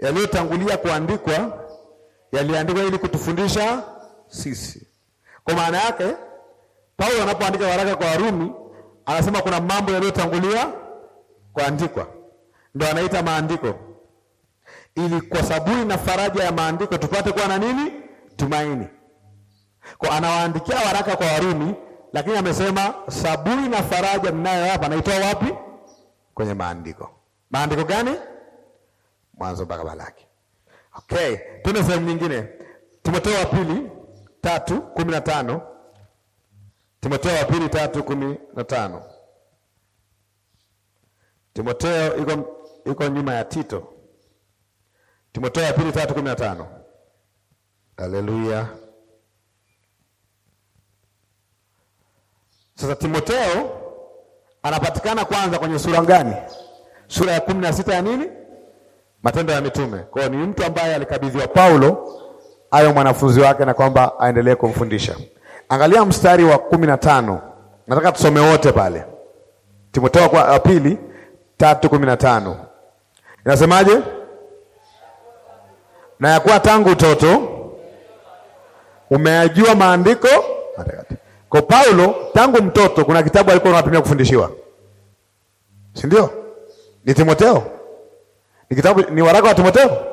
yaliyotangulia kuandikwa yaliandikwa ili kutufundisha sisi. Kwa maana yake, Paulo anapoandika waraka kwa Warumi anasema kuna mambo yaliyotangulia kuandikwa, ndio anaita maandiko, ili kwa saburi na faraja ya maandiko tupate kuwa na nini? Tumaini. Kwa anawaandikia waraka kwa Warumi, lakini amesema saburi na faraja ninayo hapa naitoa wapi? Kwenye maandiko. Maandiko gani? Mwanzo mpaka Malaki. Okay, tuende sehemu nyingine. Timotheo wa pili tatu kumi na tano Timotheo wa pili tatu kumi na tano Timotheo iko iko nyuma ya Tito. Timotheo wa pili tatu kumi na tano Haleluya. Sasa Timotheo anapatikana kwanza kwenye sura gani? Sura ya kumi na sita ya nini? Matendo ya Mitume. Kwa hiyo ni mtu ambaye alikabidhiwa Paulo ayo mwanafunzi wake na kwamba aendelee kumfundisha. Angalia mstari wa kumi na tano, nataka tusome wote pale. Timotheo kwa pili tatu kumi na tano inasemaje? Na kuwa tangu utoto umeajua maandiko kwa Paulo. Tangu mtoto kuna kitabu alikuwa anapimia kufundishiwa, si ndio? Ni Timotheo ni kitabu ni waraka wa Timotheo?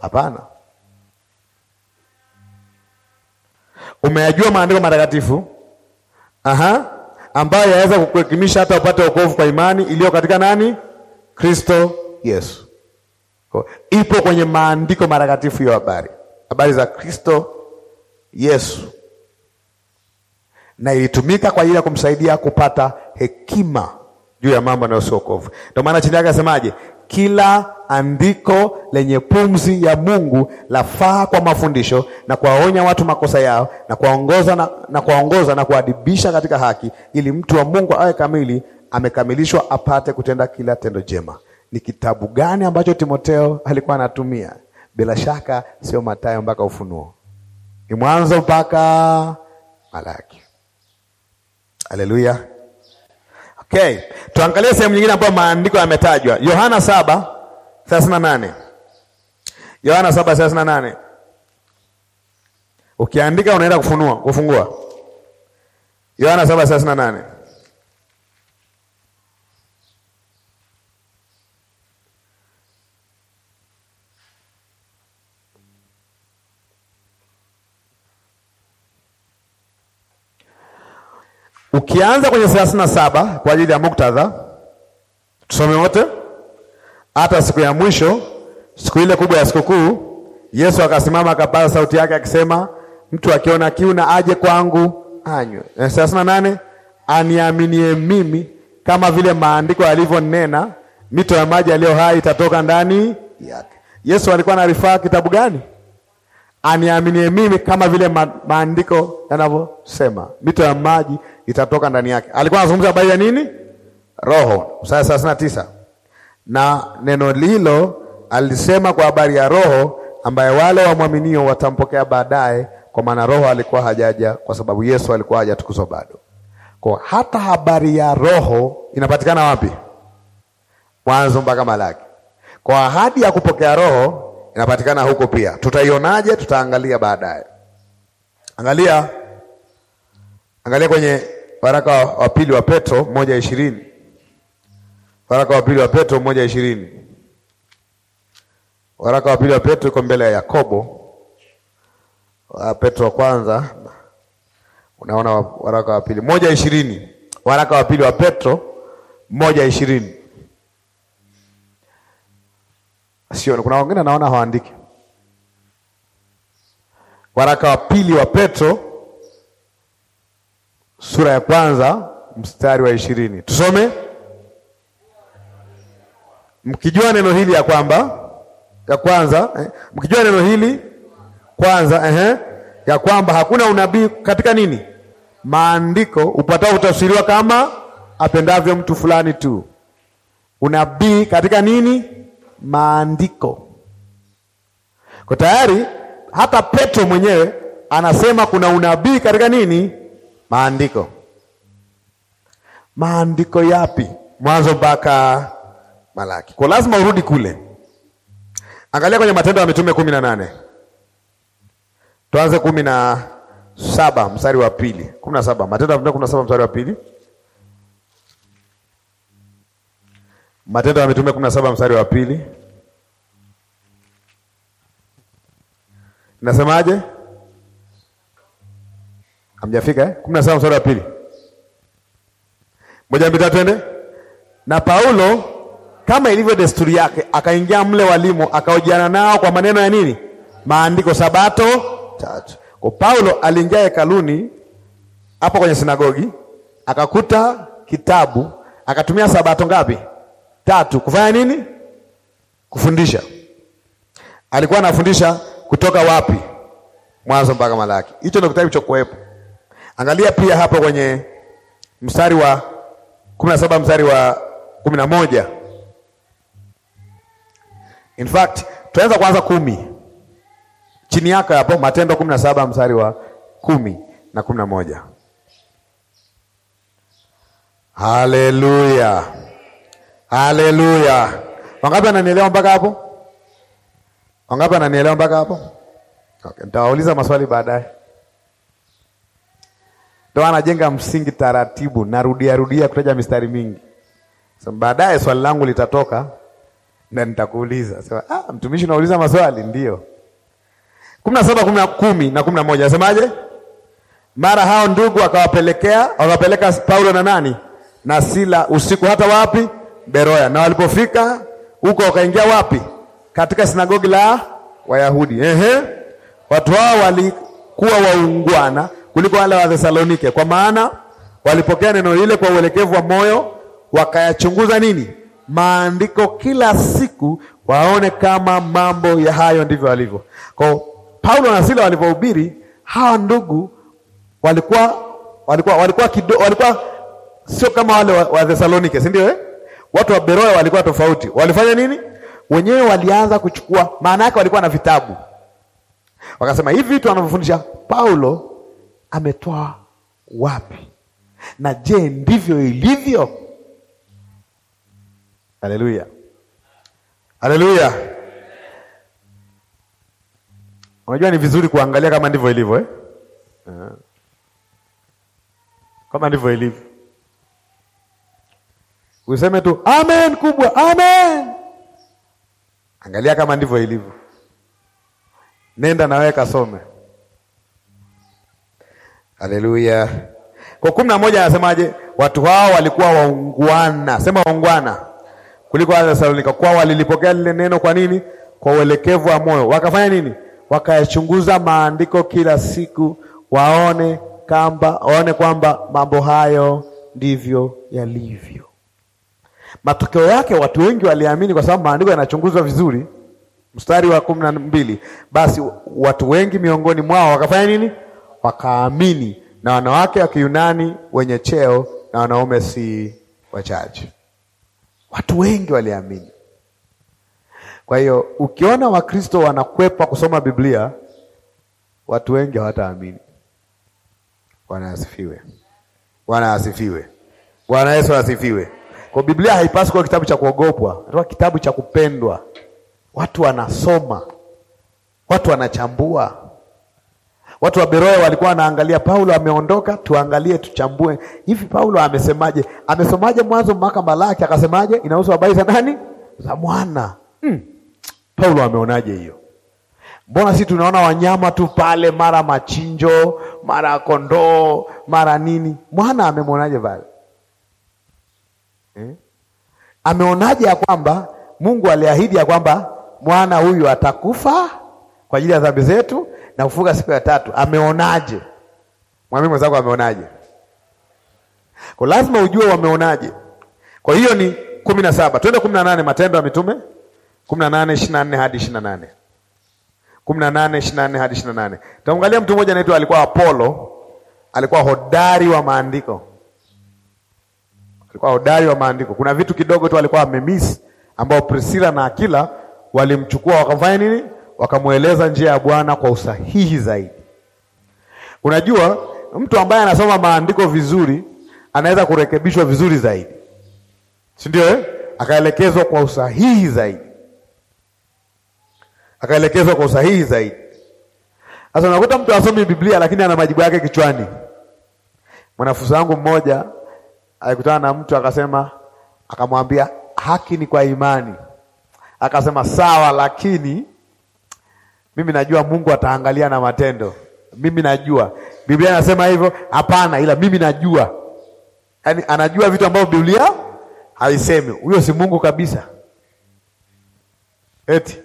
Hapana. Umeyajua maandiko matakatifu aha, ambayo yaweza kukuhekimisha hata upate wokovu kwa imani iliyo katika nani? Kristo Yesu. Kwa, ipo kwenye maandiko matakatifu hiyo habari, habari za Kristo Yesu, na ilitumika kwa ajili ya kumsaidia kupata hekima juu ya mambo yanayohusu wokovu. Ndio maana chini yake asemaje? Kila andiko lenye pumzi ya Mungu lafaa kwa mafundisho na kuwaonya watu makosa yao na kuwaongoza na, na kuwaongoza na kuadibisha katika haki, ili mtu wa Mungu awe kamili, amekamilishwa, apate kutenda kila tendo jema. Ni kitabu gani ambacho Timoteo alikuwa anatumia? Bila shaka sio Mathayo mpaka Ufunuo, ni Mwanzo mpaka Malaki. Haleluya. Okay, tuangalie sehemu nyingine ambayo maandiko yametajwa. Yohana saba thelathini na nane Yohana saba thelathini na nane Ukiandika unaenda kufunua kufungua Yohana saba thelathini na nane Ukianza kwenye thelathini na saba kwa ajili ya muktadha, tusome wote. Hata siku ya mwisho, siku ile kubwa ya sikukuu, Yesu akasimama akapaza sauti yake akisema, mtu akiona kiu na aje kwangu anywe. Eh, thelathini na nane, aniaminie mimi kama vile maandiko yalivyonena, mito ya maji yaliyo hai itatoka ndani yake. Yesu alikuwa anarifaa kitabu gani? Aniaminie mimi kama vile ma maandiko yanavyosema, mito ya maji itatoka ndani yake. Alikuwa anazungumza habari ya nini? Roho. Sasa thelathini na tisa na neno lilo alisema kwa habari ya Roho ambaye wale wamwaminio watampokea baadaye, kwa maana Roho alikuwa hajaja kwa sababu Yesu alikuwa hajatukuzwa bado. Kwa hata habari ya Roho inapatikana wapi? Mwanzo mpaka Malaki. Kwa ahadi ya kupokea Roho inapatikana huko pia. Tutaionaje? Tutaangalia baadaye. Angalia, angalia kwenye waraka wa pili wa Petro moja ishirini Waraka wa pili wa Petro moja ishirini. Waraka wa pili wa Petro iko mbele ya Yakobo. Petro wa kwanza, unaona waraka wa pili moja ishirini. Waraka wa pili wa Petro moja ishirini. Sio, kuna wengine naona hawaandiki. Waraka wa pili wa Petro sura ya kwanza mstari wa ishirini, tusome mkijua neno hili ya kwamba ya kwanza eh, mkijua neno hili kwanza eh, ya kwamba hakuna unabii katika nini maandiko upatao utafsiriwa kama apendavyo mtu fulani tu. Unabii katika nini maandiko. Kwa tayari hata Petro mwenyewe anasema kuna unabii katika nini maandiko. Maandiko yapi? Mwanzo mpaka Malaki. Kwa lazima urudi kule. Angalia kwenye Matendo ya Mitume kumi na nane. Tuanze kumi na saba mstari wa pili kumi na saba Matendo ya Mitume kumi na saba mstari wa pili Matendo ya Mitume kumi na saba mstari wa pili Nasemaje? amjafika eh? kumi na saba mstari wa pili moja mbili tatu, ende. na Paulo kama ilivyo desturi yake, akaingia mle walimu, akaojiana nao kwa maneno ya nini? Maandiko, sabato tatu. Kwa Paulo aliingia hekaluni hapo kwenye sinagogi, akakuta kitabu, akatumia sabato ngapi? Tatu. Kufanya nini? Kufundisha. Alikuwa anafundisha kutoka wapi? Mwanzo mpaka Malaki. Hicho ndio kitabu chokuwepo. Angalia pia hapo kwenye mstari wa 17 mstari wa moja In fact, tuanza kwanza kumi chini yake hapo, Matendo kumi na saba mstari wa kumi na kumi na moja. Haleluya, haleluya! Wangapi ananielewa mpaka hapo? Wangapi ananielewa mpaka hapo? Okay, nitawauliza maswali baadaye. Ndio anajenga msingi taratibu, narudia rudia kutaja mistari mingi, so baadaye swali langu litatoka na nitakuuliza. Sema ah, mtumishi unauliza maswali ndio. kumi na saba kumi na kumi na moja Mara hao ndugu akawapelekea akawapeleka Paulo na nani na Sila usiku hata wapi Beroya, na walipofika huko wakaingia wapi? Katika sinagogi la Wayahudi. Ehe, watu hao walikuwa waungwana kuliko wale wa Thesalonike, kwa maana walipokea neno lile kwa uelekevu wa moyo, wakayachunguza nini maandiko kila siku, waone kama mambo ya hayo ndivyo alivyo. Kwa Paulo na Sila walivyohubiri, hawa ndugu walikuwa walikuwa walikuwa kido, walikuwa sio kama wale wa, Thessalonike, si ndio eh? Watu wa Beroya walikuwa tofauti. Walifanya nini? Wenyewe walianza kuchukua, maana yake walikuwa na vitabu, wakasema hivi vitu anavyofundisha Paulo ametoa wapi? Na je, ndivyo ilivyo? Haleluya, haleluya. Unajua ni vizuri kuangalia kama ndivyo ilivyo eh? Uh-huh. Kama ndivyo ilivyo useme tu amen kubwa, amen. Angalia kama ndivyo ilivyo, nenda na kasome. Haleluya. Kwa kumi na moja anasemaje? Watu hao walikuwa waungwana, sema waungwana kuliko wale Thesalonika, kwa walilipokea lile neno. Kwa nini? Kwa uelekevu wa moyo, wakafanya nini? Wakayachunguza maandiko kila siku, waone kamba, waone kwamba mambo hayo ndivyo yalivyo. Matokeo yake watu wengi waliamini, kwa sababu maandiko yanachunguzwa vizuri. Mstari wa kumi na mbili, basi watu wengi miongoni mwao wakafanya nini? Wakaamini, na wanawake wa Kiyunani wenye cheo na wanaume si wachache. Watu wengi waliamini. Kwa hiyo ukiona Wakristo wanakwepa kusoma Biblia, watu wengi hawataamini. Bwana asifiwe! Bwana asifiwe! Bwana Yesu asifiwe! Kwa Biblia haipaswi kuwa kitabu cha kuogopwa, natoka kitabu cha kupendwa. Watu wanasoma, watu wanachambua Watu wa Beroya walikuwa wanaangalia Paulo ameondoka, tuangalie tuchambue, hivi Paulo amesemaje? Amesomaje Mwanzo mpaka Malaki? Akasemaje? Inahusu habari za nani? Za mwana. Hmm. Paulo ameonaje hiyo? Mbona sisi tunaona wanyama tu pale, mara machinjo, mara kondoo, mara nini? Mwana amemwonaje pale eh? Ameonaje ya kwamba Mungu aliahidi ya kwamba mwana huyu atakufa kwa ajili ya dhambi zetu na kufuka siku ya tatu. Ameonaje? Mwambie mwenzako ameonaje? Kwa lazima ujue wameonaje. Kwa hiyo ni kumi na saba. Twende kumi na nane Matendo ya Mitume kumi na nane ishirini na nne hadi ishirini na nane kumi na nane ishirini na nne hadi ishirini na nane Tutamwangalia mtu mmoja anaitwa alikuwa Apolo, alikuwa hodari wa maandiko, alikuwa hodari wa maandiko. Kuna vitu kidogo tu alikuwa amemisi, ambao Priscilla na Akila walimchukua wakafanya nini wakamweleza njia ya Bwana kwa usahihi zaidi. Unajua, mtu ambaye anasoma maandiko vizuri anaweza kurekebishwa vizuri zaidi, si ndio eh? Akaelekezwa kwa usahihi zaidi, akaelekezwa kwa usahihi zaidi. Sasa unakuta mtu asomi Biblia lakini ana majibu yake kichwani. Mwanafunzi wangu mmoja alikutana na mtu akasema, akamwambia haki ni kwa imani. Akasema sawa, lakini mimi najua Mungu ataangalia na matendo. Mimi najua Biblia inasema hivyo? Hapana, ila mimi najua. Yaani anajua vitu ambavyo Biblia haisemi. Huyo si Mungu kabisa. Eti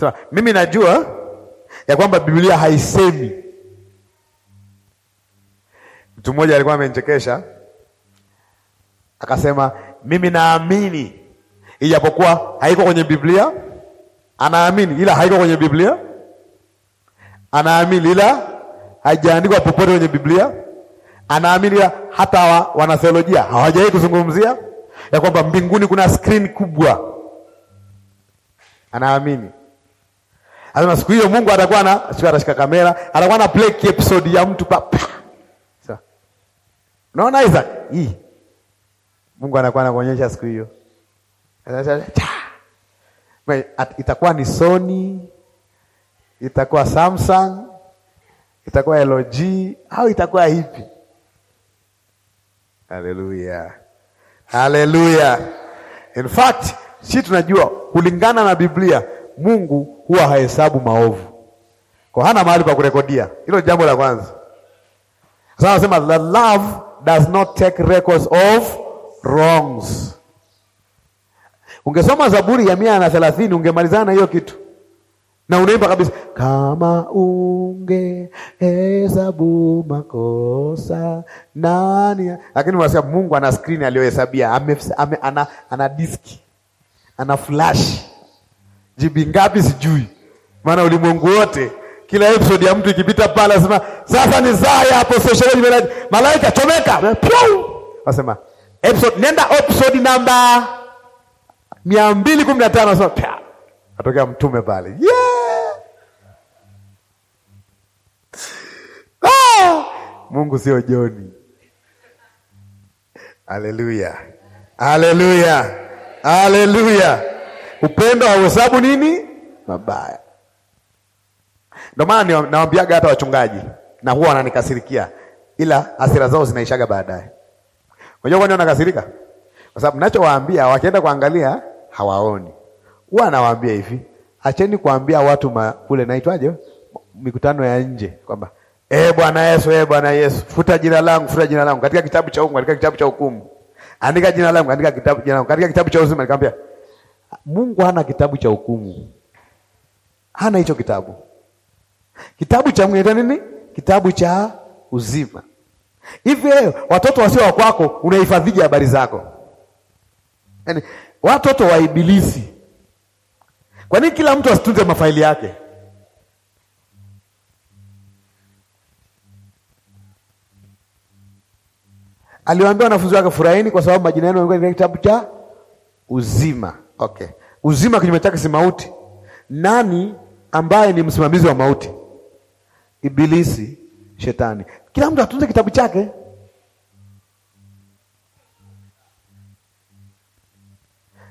sasa, mimi najua ya kwamba Biblia haisemi. Mtu mmoja alikuwa amenichekesha akasema, mimi naamini ijapokuwa haiko kwenye Biblia. Anaamini ila haiko kwenye Biblia anaamini ila haijaandikwa popote kwenye Biblia. Anaamini ila hata wa, wanatheolojia hawajawahi kuzungumzia ya kwamba mbinguni kuna skrini kubwa. Anaamini Anasema siku hiyo Mungu atakuwa na siku atashika kamera, atakuwa na play episode ya mtu papa. Sasa. Unaona Isaac? Hii. Mungu anakuwa anakuonyesha siku hiyo. Itakuwa ni soni itakuwa Samsung, itakuwa LG au itakuwa ipi? Haleluya, haleluya! In fact si tunajua kulingana na Biblia Mungu huwa hahesabu maovu, kwa hana mahali pa kurekodia. Hilo jambo la kwanza. Sasa anasema the love does not take records of wrongs. Ungesoma Zaburi ya mia na thelathini ungemalizana na hiyo kitu na unaimba kabisa, kama unge hesabu makosa nani. Lakini unasema Mungu ana skrini aliyohesabia, ana, ana diski, ana flash jibi ngapi sijui, maana ulimwengu wote kila episode ya mtu ikipita pale asema sasa ni saa ya hapo social malaika chomeka, asema episode nenda episode namba mia mbili kumi na tano, asema atokea mtume pale yeah! Mungu sio Joni. Aleluya, aleluya, aleluya! Upendo hauhesabu nini mabaya. Ndio maana nawambiaga hata wachungaji, na huwa wananikasirikia, ila hasira zao zinaishaga baadaye. Unajua kwani wanakasirika kwa sababu nachowaambia, wakienda kuangalia hawaoni. Huwa anawaambia hivi, acheni kuambia watu ma, kule naitwaje, mikutano ya nje kwamba E Bwana Yesu, e Bwana Yesu. Futa jina langu, futa jina langu katika kitabu cha hukumu, katika kitabu cha hukumu. Andika jina langu, andika kitabu jina langu katika kitabu cha uzima. Nikamwambia Mungu hana kitabu cha hukumu. Hana hicho kitabu. Kitabu cha mwenda nini? Kitabu cha uzima. Hivi wewe watoto wasio wakwako kwako unahifadhije habari zako? Yaani watoto wa ibilisi. Kwa nini kila mtu asitunze mafaili yake? Aliwaambia wanafunzi wake, furahini kwa sababu majina yenu yamekuwa katika kitabu cha uzima. Okay, uzima kinyume chake si mauti. Nani ambaye ni msimamizi wa mauti? Ibilisi, Shetani. Kila mtu atunze kitabu chake.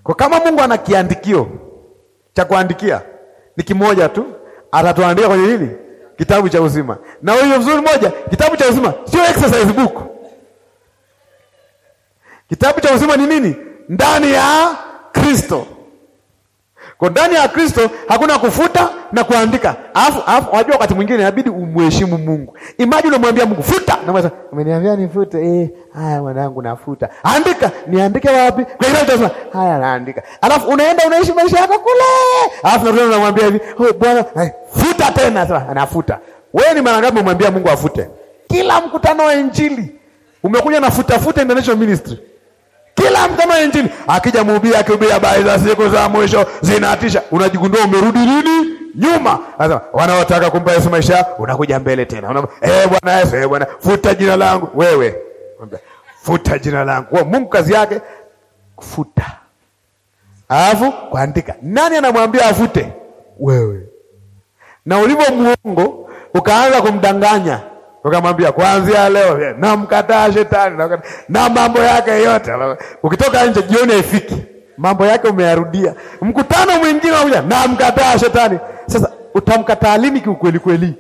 Kwa kama Mungu ana kiandikio cha kuandikia ni kimoja tu, atatuandika kwenye nini? Kitabu cha uzima. Na hiyo vizuri moja, kitabu cha uzima sio exercise book. Kitabu cha uzima ni nini? Ndani ya Kristo. Kwa ndani ya Kristo hakuna kufuta na kuandika. Alafu alafu wajua wakati mwingine inabidi umheshimu Mungu. Imagine unamwambia Mungu futa, na mwambia umeniambia nifute. Eh, haya mwanangu nafuta. Andika, niandike wapi? Kwa hiyo utasema haya naandika. Alafu unaenda unaishi maisha yako kule. Alafu ndio unamwambia hivi, "Oh Bwana, hey, eh, futa tena." Sasa anafuta. Wewe ni mara ngapi umemwambia Mungu afute? Kila mkutano wa Injili umekuja na futa futa international ministry kila mtu anaye Injili akija mhubiri akihubiri habari za siku za mwisho zinatisha, unajigundua umerudi nini nyuma. Anasema wanaotaka kumpa Yesu maisha, unakuja mbele tena una, eh Bwana Yesu, eh Bwana, futa jina langu wewe, futa jina langu wewe. Mungu kazi yake kufuta, alafu kuandika. Nani anamwambia afute? Wewe. Na ulivyo mwongo ukaanza kumdanganya Ukamwambia kuanzia leo eh, namkataa shetani na, na mambo yake yote. Ukitoka nje jioni haifiki, mambo yake umeyarudia. Mkutano mwingine unakuja, namkataa shetani. Sasa utamkataa lini kiukweli kweli?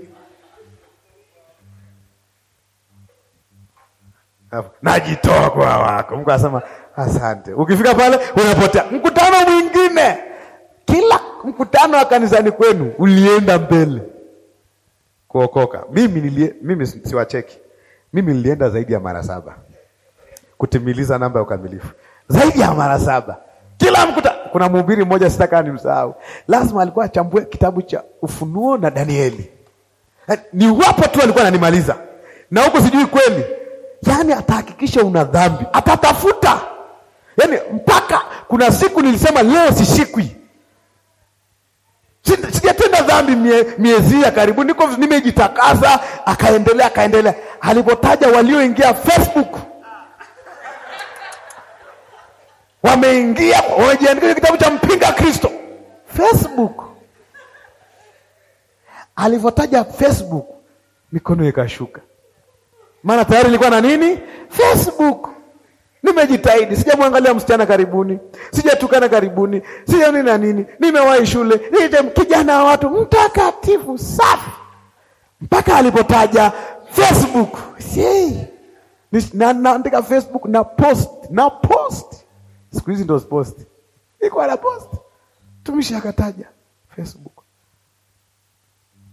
Najitoa kwa wako. Mungu anasema asante. Ukifika pale unapotea. Mkutano mwingine, kila mkutano wa kanisani kwenu ulienda mbele kuokoka. Mimi nilie, mimi siwacheki. Mimi nilienda zaidi ya mara saba kutimiliza namba ya ukamilifu, zaidi ya mara saba kila mkuta. Kuna mhubiri mmoja sitaka ni msahau, lazima alikuwa achambue kitabu cha Ufunuo na Danieli. Ni wapo tu alikuwa ananimaliza na huko, sijui kweli. Yaani atahakikisha una dhambi, atatafuta, yaani mpaka kuna siku nilisema leo sishikwi sijatenda dhambi miezi ya karibu, niko nimejitakasa. Akaendelea akaendelea, alipotaja walioingia Facebook wameingia wamejiandika kitabu cha mpinga Kristo Facebook. Alivyotaja Facebook mikono ikashuka, maana tayari ilikuwa na nini? Facebook. Nimejitahidi, sijamwangalia msichana karibuni, sijatukana karibuni, sijani na nini, nimewahi shule, nite kijana wa watu mtakatifu safi, mpaka alipotaja Facebook. Na naandika Facebook na post na post, siku hizi ndo post iko na post, tumishi akataja Facebook,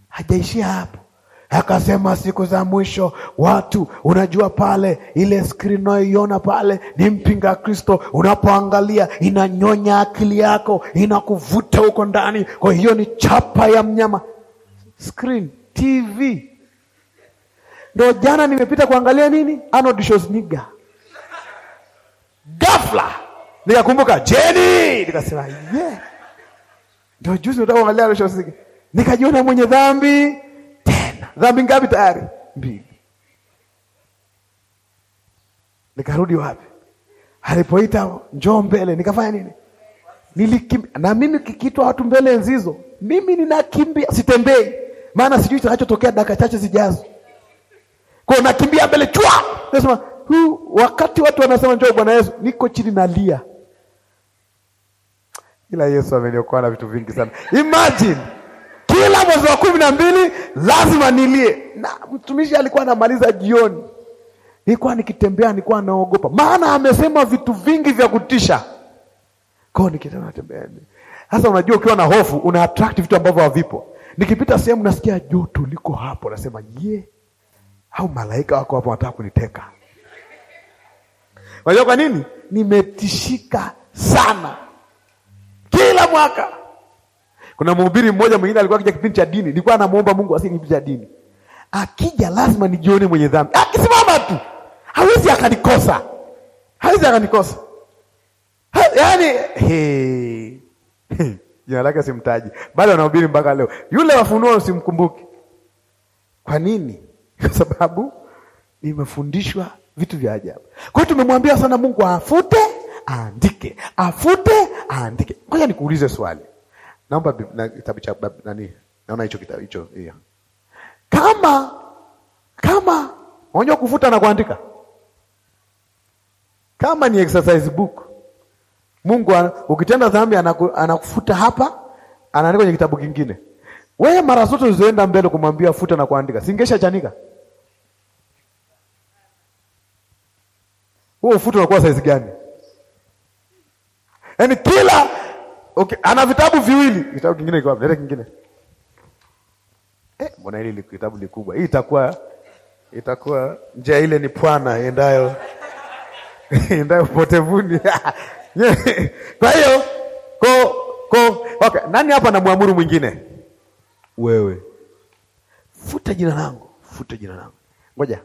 hajaishia hapo Akasema siku za mwisho watu, unajua pale ile skrini unayoiona pale ni mpinga Kristo. Unapoangalia inanyonya akili yako, inakuvuta huko ndani. Kwa hiyo ni chapa ya mnyama skrini, TV. Ndo jana nimepita kuangalia nini, Arnold Schwarzenegger, ghafla nikakumbuka Jeni, nikasema yeah. Ndo juzi nitakuangalia Arnold Schwarzenegger, nikajiona mwenye dhambi Dhambi ngapi tayari? Mbili. Nikarudi wapi? Alipoita njoo mbele, nikafanya nini? Nilikim... na mimi, kikitwa watu mbele nzizo, mimi ninakimbia, sitembei, maana sijui kinachotokea dakika chache zijazo. Kwa nakimbia mbele chwa, nasema huu wakati watu wanasema njoo Bwana Yesu, niko chini nalia, ila Yesu ameniokoa na vitu vingi sana. Imagine kila mwezi wa kumi na mbili lazima nilie. Na mtumishi alikuwa anamaliza jioni, nilikuwa nikitembea, nilikuwa naogopa, maana amesema vitu vingi vya kutisha kwao. Nikitembea natembea sasa, unajua ukiwa na hofu una attract vitu ambavyo havipo. Nikipita sehemu nasikia joto liko hapo, nasema ye yeah. au malaika wako hapo wanataka kuniteka. Unajua kwa nini? Nimetishika sana kila mwaka kuna mhubiri mmoja mwingine alikuwa akija kipindi cha dini, nilikuwa anamuomba Mungu asije kipindi cha dini. Akija lazima nijione mwenye dhambi. Akisimama tu hawezi akanikosa, hawezi akanikosa. Ha, yani he, jina lake simtaji, bado anahubiri mpaka leo. Yule wafunua usimkumbuke. Kwa nini? Kwa sababu nimefundishwa vitu vya ajabu. Kwa hiyo tumemwambia sana Mungu afute aandike, afute aandike. Ngoja nikuulize swali Naomba na kitabu cha nani? Naona hicho kitabu hicho hiyo. Kama kama unajua kuvuta na kuandika. Kama ni exercise book. Mungu ukitenda dhambi anaku, anakufuta hapa, anaandika kwenye kitabu kingine. Wewe mara zote uzoenda mbele kumwambia futa na kuandika. Singesha chanika. Huo ufuta unakuwa size gani? Yaani kila Okay, ana vitabu viwili. Kitabu kingine iko wapi? Leta kingine. Eh, mbona hili kitabu likubwa. Hii itakuwa itakuwa njia ile ni pwana endayo endayo potevuni. Kwa hiyo ko ko okay, nani hapa anamwamuru mwingine? Wewe. Futa jina langu, futa jina langu. Ngoja.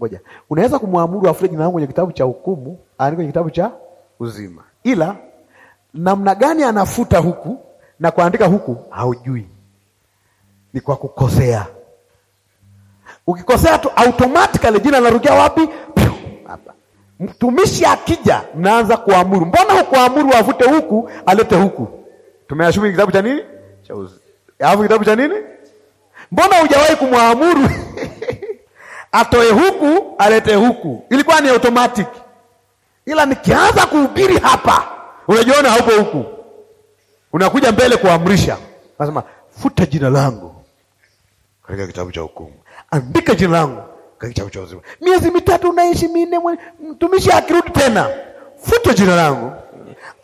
Ngoja. Unaweza kumwamuru afute jina langu kwenye kitabu cha hukumu, aani kwenye kitabu cha uzima. Ila namna gani anafuta huku na kuandika huku haujui, ni kwa kukosea. Ukikosea tu automatically jina linarudia wapi? Hapa. Mtumishi akija, mnaanza kuamuru, mbona hukuamuru avute huku alete huku? tumeashumi kitabu cha nini, alafu kitabu cha nini, mbona hujawahi kumwamuru atoe huku alete huku? Ilikuwa ni automatic, ila nikianza kuhubiri hapa unajiona haupo huku, unakuja mbele kuamrisha, nasema futa jina langu katika kitabu cha hukumu, andika jina langu katika kitabu cha uzima. Miezi mitatu unaishi minne, mtumishi akirudi tena, futa jina langu,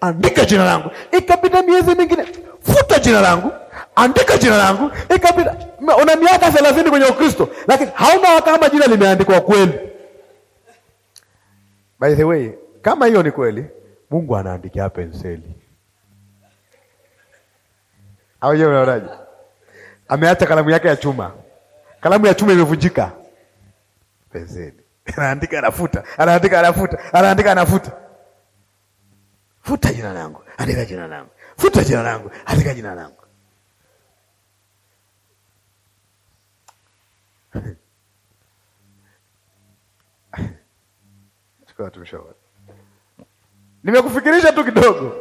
andika jina langu. Ikapita miezi mingine, futa jina langu, andika jina langu. Ikapita, una miaka thelathini kwenye Ukristo, lakini hauna kama jina limeandikwa kweli. By the way, kama hiyo ni kweli Mungu anaandikia penseli au unaonaje? Ameacha kalamu yake ya chuma, kalamu ya chuma imevunjika, penseli anaandika, anafuta, anaandika, anafuta, anaandika, anafuta. Futa jina langu, andika jina langu, futa jina langu, andika jina langu. Chukua tumshauri Nimekufikirisha tu kidogo,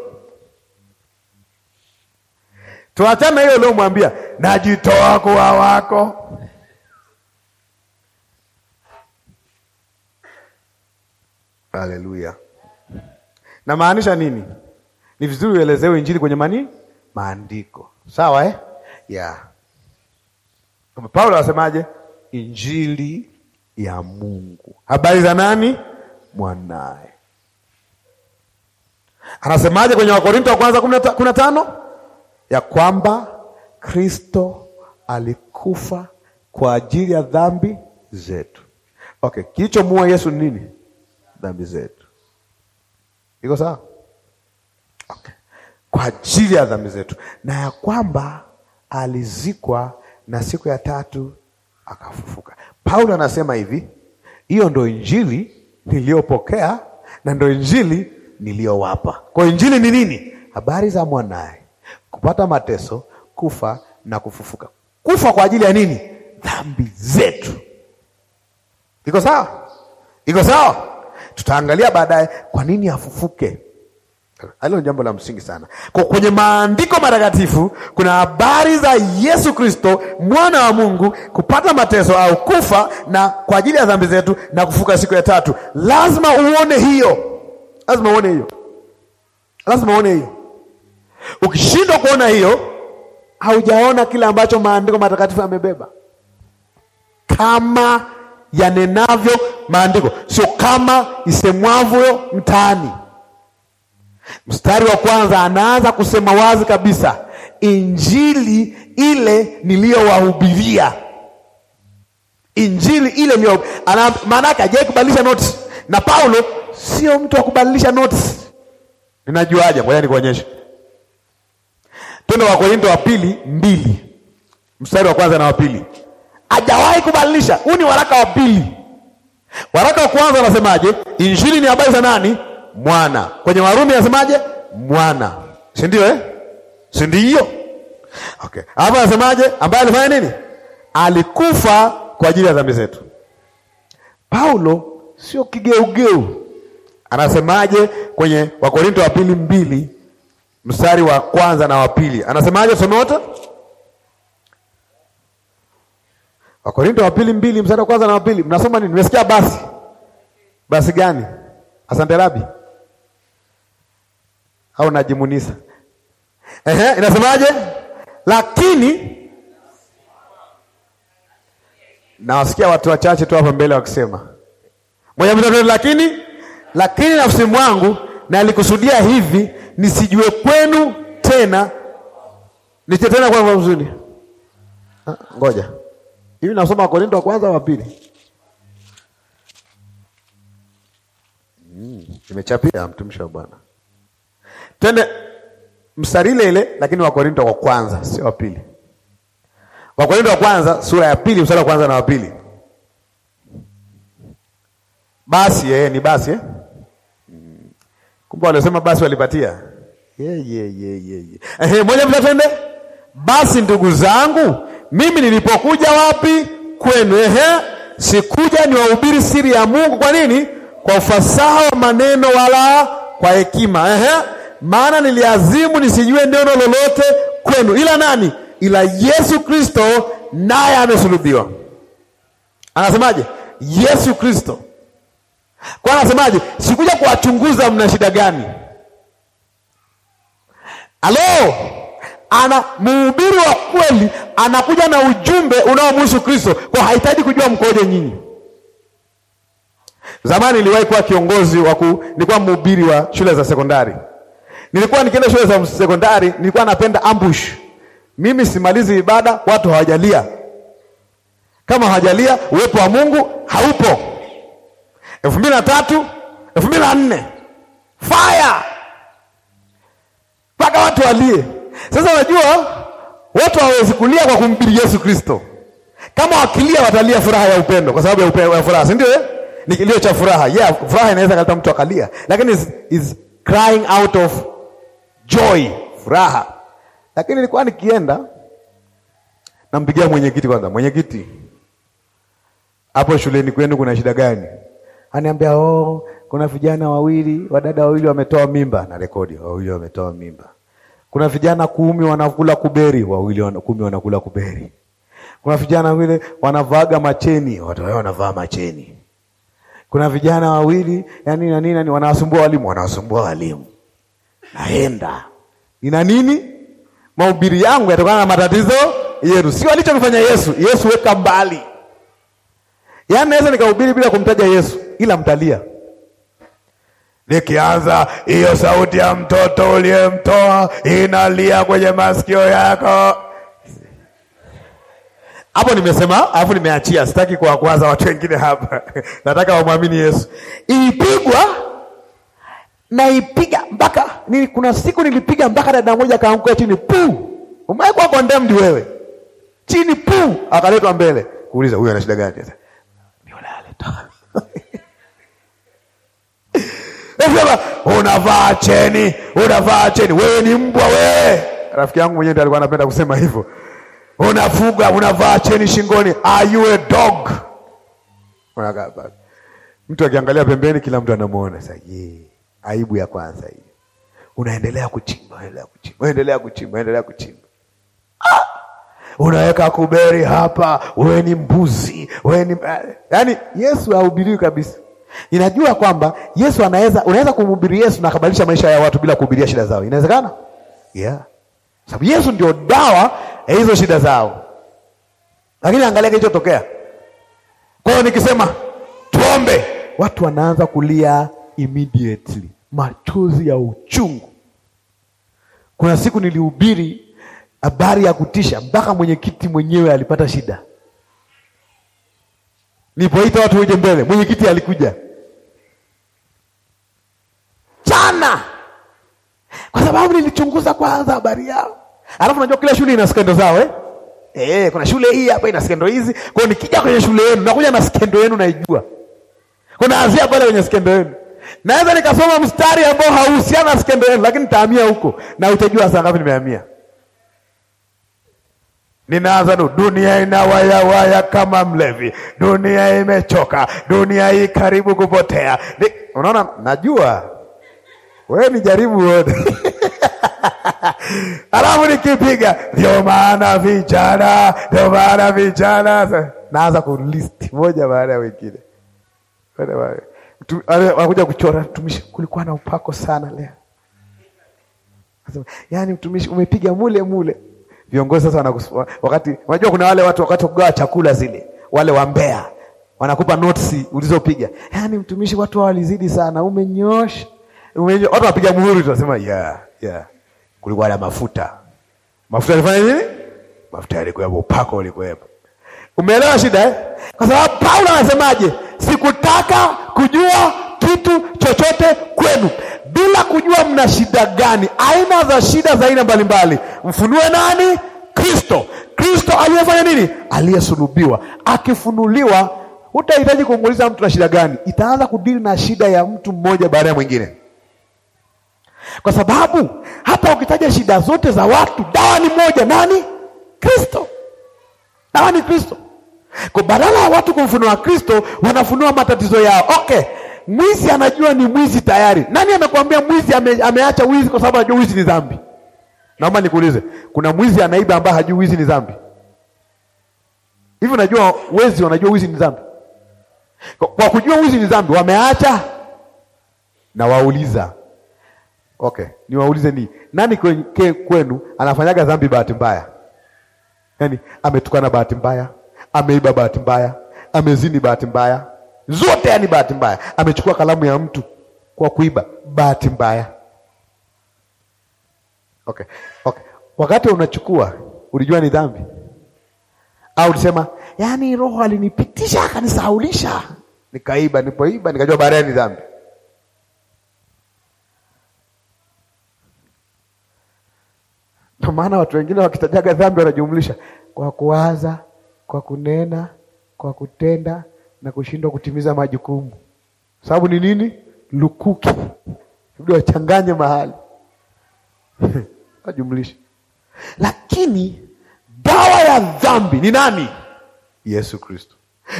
tuachane hiyo uliomwambia najitoa kuwa wako. Haleluya! na maanisha nini? Ni vizuri uelezewe injili kwenye mani maandiko, sawa eh? Yeah. Kama Paulo asemaje? Injili ya Mungu, habari za nani? Mwanaye. Anasemaje kwenye Wakorinto wa kwanza kumi na tano ya kwamba Kristo alikufa kwa ajili ya dhambi zetu. Okay, kilichomua Yesu ni nini? Dhambi zetu. Iko sawa? Okay. Kwa ajili ya dhambi zetu, na ya kwamba alizikwa na siku ya tatu akafufuka. Paulo anasema hivi, hiyo ndo injili niliyopokea na ndo injili niliyowapa. Kwa injili ni nini? Habari za mwanaye kupata mateso, kufa na kufufuka. Kufa kwa ajili ya nini? Dhambi zetu. Iko sawa? Iko sawa? Tutaangalia baadaye kwa nini afufuke. Hilo ni jambo la msingi sana. Kwa kwenye maandiko matakatifu kuna habari za Yesu Kristo mwana wa Mungu kupata mateso au kufa na kwa ajili ya dhambi zetu na kufuka siku ya tatu. Lazima uone hiyo lazima uone hiyo, lazima uone hiyo. Ukishindwa kuona hiyo, haujaona kile ambacho maandiko matakatifu yamebeba, kama yanenavyo maandiko, sio kama isemwavyo mtaani. Mstari wa kwanza anaanza kusema wazi kabisa, injili ile niliyowahubiria, injili ile niliyo, maana yake hajawahi kubadilisha notes na Paulo sio mtu wa kubadilisha notes. Ninajuaje? Ngoja nikuonyeshe. Tendo wa Korinto wa pili mbili mstari wa kwanza na wa pili hajawahi kubadilisha. Huu ni waraka wa pili. Waraka wa kwanza anasemaje? Injili ni habari za nani? Mwana. Kwenye Warumi anasemaje? Mwana, si ndio eh? si ndio? Okay, hapa anasemaje? Ambaye alifanya nini? Alikufa kwa ajili ya dhambi zetu. Paulo sio kigeugeu Anasemaje kwenye Wakorinto wa pili mbili mstari wa kwanza na wa pili anasemaje? Some wote Wakorinto wa pili mbili mstari wa kwanza na wa pili mnasoma nini? Nimesikia basi basi gani? Asante Rabi au najimunisa? Ehe, inasemaje? Lakini nawasikia watu wachache tu hapa mbele wakisema moja, lakini lakini nafsi mwangu nalikusudia hivi, nisijue kwenu tena, nije tena kwa huzuni. Ah, ngoja hivi, nasoma Wakorinto wa kwanza wa pili. Hmm, nimechapia mtumishi wa Bwana, twende mstari ile ile, lakini Wakorinto wa kwanza, sio wa pili. Wakorinto wa kwanza sura ya pili mstari wa kwanza na wa pili. Basi yeye eh, ni basi eh? Kumbe wanasema basi walipatia yeah, yeah, yeah, yeah. Ehe, moja mtatende basi, ndugu zangu, mimi nilipokuja wapi kwenu? Ehe, sikuja niwahubiri siri ya Mungu. Kwa nini? Kwa ufasaha wa maneno wala kwa hekima. Ehe, maana niliazimu nisijue neno lolote kwenu ila nani? Ila Yesu Kristo naye amesulubiwa. Anasemaje? Yesu Kristo kwa anasemaje? Sikuja kuwachunguza mna shida gani. Halo, ana mhubiri wa kweli anakuja na ujumbe unaomhusu Kristo, kwa hahitaji kujua mkoje nyinyi. Zamani niliwahi kuwa kiongozi wa nilikuwa mhubiri wa shule za sekondari. Nilikuwa nikienda shule za sekondari, nilikuwa napenda ambush. Mimi simalizi ibada, watu hawajalia. Kama hawajalia, uwepo wa Mungu haupo elfu mbili na tatu elfu mbili na nne fire mpaka watu walie. Sasa unajua watu hawawezi kulia kwa kumhubiri Yesu Kristo. Kama wakilia watalia furaha ya upendo, kwa sababu ya upendo ya furaha, si ndio? Eh? Ni kilio cha furaha. Yeah, furaha inaweza kaleta mtu akalia, lakini is, is crying out of joy, furaha. Lakini nilikuwa nikienda, nampigia mwenyekiti kwanza, mwenyekiti, hapo shuleni kwenu kuna shida gani? Aniambia oh, kuna vijana wawili wadada wawili wametoa mimba na rekodi, wawili wametoa mimba. Kuna vijana kumi wanakula kuberi, wawili kumi wanakula kuberi. Kuna vijana wawili wanavaga macheni, watu wao wanavaa macheni. Kuna vijana wawili yani na nini wanawasumbua walimu, wanawasumbua walimu. Naenda ina nini? Mahubiri yangu yatokana na matatizo yenu sio alichonifanya Yesu. Yesu weka mbali, yaani naweza nikahubiri bila kumtaja Yesu ila mtalia. Nikianza hiyo sauti ya mtoto uliyemtoa inalia kwenye masikio yako hapo nimesema, alafu nimeachia, sitaki kuwakwaza watu wengine hapa nataka wamwamini Yesu. Ilipigwa naipiga mpaka nili, kuna siku nilipiga mpaka dada moja akaanguka chini puu. Umewekwa condemned wewe chini puu, akaletwa mbele kuuliza huyu ana shida gani? Sasa ndio Eh, unavaa cheni, unavaa cheni, wewe ni mbwa wewe. Rafiki yangu mwenyewe alikuwa anapenda kusema hivyo, unafuga unavaa cheni shingoni, are you a dog? Mtu akiangalia pembeni, kila mtu anamwona Sasa je, aibu ya kwanza hii, Unaendelea kuchimba, endelea kuchimba, kuchimba, kuchimba ah! Unaweka kuberi hapa, wewe ni mbuzi, wewe ni ah! yaani, Yesu haubiriwi kabisa Ninajua kwamba Yesu anaweza, unaweza kumhubiri Yesu na kabadilisha maisha ya watu bila kuhubiria shida zao. Inawezekana? Yeah. Sababu Yesu ndio dawa ya hizo shida zao. Lakini angalia kilichotokea. Kwa hiyo nikisema tuombe, watu wanaanza kulia immediately, machozi ya uchungu. Kuna siku nilihubiri habari ya kutisha mpaka mwenyekiti mwenyewe alipata shida. Nilipoita watu waje mbele, mwenyekiti alikuja chana kwa sababu nilichunguza kwanza habari yao. Alafu unajua kila shule ina skendo zao eh? Eh, kuna shule hii hapa ina skendo hizi. Kwa hiyo nikija kwenye shule yenu nakuja na skendo yenu naijua, kuna azia pale kwenye skendo yenu naweza nikasoma mstari ambao hauhusiana na skendo yenu, lakini nitahamia huko na utajua saa ngapi nimehamia. Ninaanza tu, dunia inawayawaya kama mlevi, dunia imechoka, dunia hii karibu kupotea. Unaona, najua wewe ni jaribu wote alafu nikipiga, ndio maana vijana, ndio maana vijana, naanza kulist moja baada ya wengine, wanakuja kuchora. Mtumishi, kulikuwa na upako sana leo, yaani mtumishi, umepiga mule mule Viongozi sasa wanakusumbua wakati, unajua kuna wale watu wakati kugawa chakula zile, wale wambea wanakupa notes ulizopiga, yaani mtumishi, watu walizidi sana, umenyosha umenyosha. Watu wapiga muhuri, tunasema yeah, yeah. Kulikuwa na mafuta, mafuta yalifanya nini? Mafuta yalikuwepo, upako ulikuwepo. Umeelewa shida eh? Kwa sababu Paulo anasemaje? Sikutaka kujua kitu chochote kwenu bila kujua mna shida gani, aina za shida za aina mbalimbali, mfunue nani? Kristo. Kristo aliyefanya nini? Aliyesulubiwa. Akifunuliwa utahitaji kumuuliza mtu na shida gani, itaanza kudili na shida ya mtu mmoja baada ya mwingine, kwa sababu hata ukitaja shida zote za watu, dawa ni moja. Nani? Kristo. Dawa ni Kristo. Kwa badala ya watu kumfunua Kristo, wanafunua matatizo yao. Okay, Mwizi anajua ni mwizi tayari. Nani amekwambia mwizi ame, ameacha wizi kwa sababu anajua wizi ni dhambi? Naomba nikuulize, kuna mwizi anaiba ambaye hajui wizi ni dhambi? Hivi unajua wezi wanajua wizi ni dhambi? Kwa kujua wizi ni dhambi wameacha na wauliza. Okay, niwaulize ni nani kwenu anafanyaga dhambi bahati mbaya? Yaani ametukana bahati mbaya, ameiba bahati mbaya, amezini bahati mbaya zote, yani bahati mbaya. Amechukua kalamu ya mtu kwa kuiba, bahati mbaya. Okay. Okay. Wakati unachukua ulijua ni dhambi au ulisema, yaani Roho alinipitisha akanisaulisha nikaiba, nipoiba nikajua baadaye ni dhambi? Ndio maana watu wengine wakitajaga dhambi wanajumlisha kwa kuwaza, kwa kunena, kwa kutenda na kushindwa kutimiza majukumu. Sababu ni nini? Lukuki, ibidi wachanganye mahali wajumlishe. Lakini dawa ya dhambi ni nani? Yesu Kristo.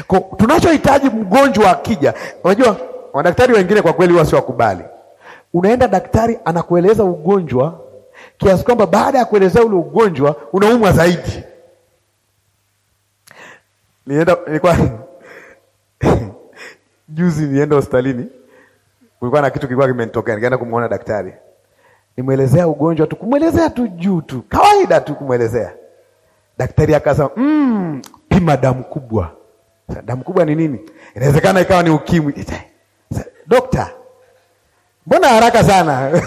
Kwa tunachohitaji mgonjwa akija, unajua madaktari wengine kwa kweli wakubali Unaenda daktari anakueleza ugonjwa kiasi kwamba baada ya kuelezea ule ugonjwa unaumwa zaidi. Nilienda nilikuwa Juzi nienda hospitalini, kulikuwa na kitu kilikuwa kimenitokea, nikaenda kumwona daktari, nimwelezea ugonjwa tu, kumwelezea tu juu tu, kawaida tu kumwelezea. Daktari akasema mm, pima damu kubwa. damu kubwa ni nini? Inawezekana ikawa ni ukimwi. Dokta, mbona haraka sana?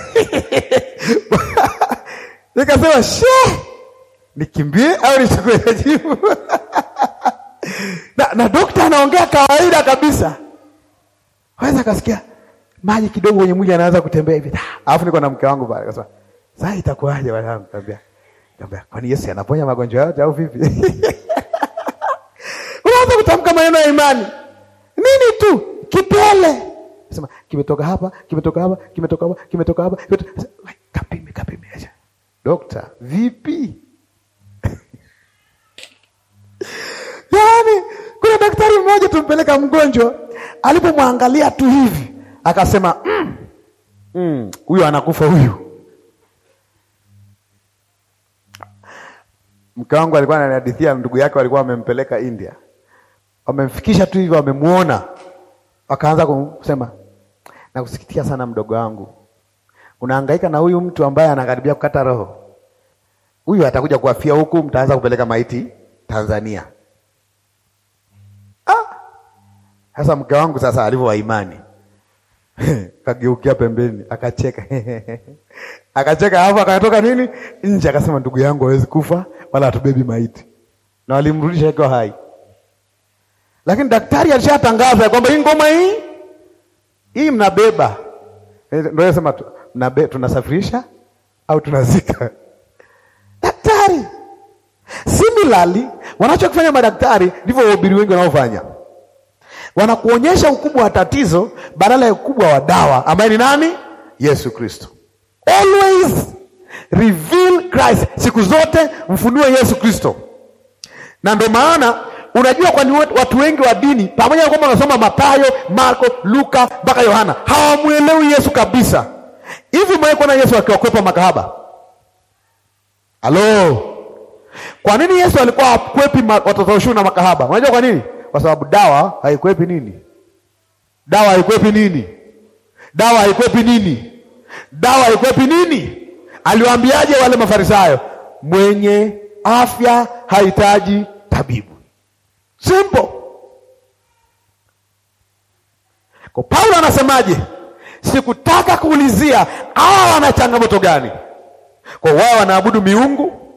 Nikasema she, nikimbie au nichukue jibu? na, na dokta anaongea kawaida kabisa, waweza kasikia maji kidogo kwenye mwili, anaanza kutembea hivi. Alafu niko na mke wangu pale, akasema sasa itakuwaje? Bwana nikamwambia kaambia, kwani Yesu anaponya magonjwa yote au vipi? Unaanza kutamka maneno ya imani, nini tu kipele, sema kimetoka hapa, kimetoka hapa, kimetoka hapa, kimetoka hapa, kapime kapime. Dokta vipi? yaani kuna daktari mmoja tumpeleka mgonjwa, alipomwangalia tu hivi akasema mm, mm, huyu anakufa huyu. Mke wangu alikuwa ananihadithia, ndugu yake walikuwa wamempeleka India, wamemfikisha tu hivi, wamemwona wakaanza kusema, nakusikitia sana mdogo wangu, unahangaika na huyu mtu ambaye anakaribia kukata roho. Huyu atakuja kuafia huku, mtaanza kupeleka maiti Tanzania. Sasa mke wangu sasa alivyo wa imani kageukia pembeni akacheka akacheka, hapo akatoka nini nje, akasema ndugu yangu hawezi kufa wala hatubebi maiti, na walimrudisha akiwa hai, lakini daktari alishatangaza kwamba hii ngoma hii hii mnabeba, ndio mnabe, tunasafirisha au tunazika. Daktari similarly, wanachokifanya madaktari ndivyo wahubiri wengi wanaofanya Wanakuonyesha ukubwa wa tatizo badala ya ukubwa wa dawa ambaye ni nani? Yesu Kristo. Always reveal Christ, siku zote mfunue Yesu Kristo. Na ndio maana unajua, kwani watu wengi wa dini, pamoja na kwamba wanasoma Mathayo, Marko, Luka mpaka Yohana, hawamwelewi Yesu kabisa. Hivi mwaye kuona Yesu akiwakwepa makahaba? Halo, kwa nini Yesu alikuwa akwepi watoto wa ushuru na makahaba? Unajua kwa nini? Kwa sababu dawa haikwepi nini? Dawa haikwepi nini? Dawa haikwepi nini? Dawa haikwepi nini? Aliwaambiaje wale Mafarisayo? Mwenye afya hahitaji tabibu. Simple. Kwa Paulo anasemaje? Sikutaka kuulizia hawa wana changamoto gani, kwa wao wanaabudu miungu,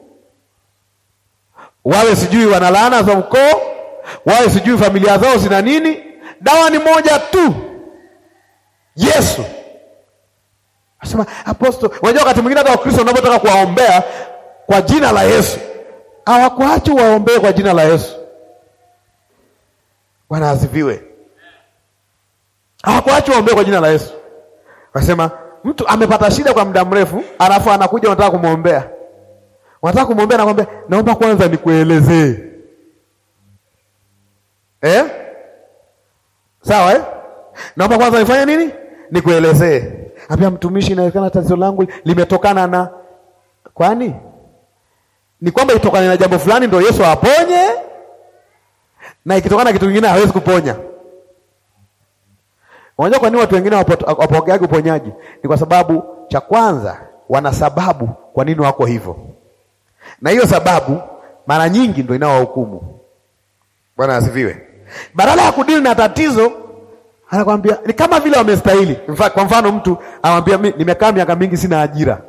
wawe sijui wanalaana za ukoo wao sijui familia zao zina nini. Dawa ni moja tu, Yesu. Asema aposto, wajua wakati mwingine hata Wakristo wanapotaka kuwaombea kwa jina la Yesu hawakuachi waombee kwa jina la Yesu. Bwana asifiwe. Hawakuachi waombee kwa jina la Yesu. Wasema mtu amepata shida kwa muda mrefu, alafu anakuja unataka kumwombea, unataka kumwombea, nakwambia naomba kwanza nikuelezee eh? Sawa eh? Naomba kwanza nifanye nini? Nikuelezee. Ambia mtumishi, inawezekana tatizo langu limetokana na kwani ni kwamba itokane na jambo fulani ndio Yesu aponye, na ikitokana na kitu kingine hawezi kuponya. Unajua kwa nini watu wengine wapokeaje uponyaji? Ni kwa sababu cha kwanza, wana sababu kwa nini wako hivyo, na hiyo sababu mara nyingi ndio inaowahukumu. Bwana asifiwe. Badala ya kudili na tatizo anakwambia ni kama vile wamestahili. Kwa mfano, mtu anamwambia mimi nimekaa miaka mingi sina ajira,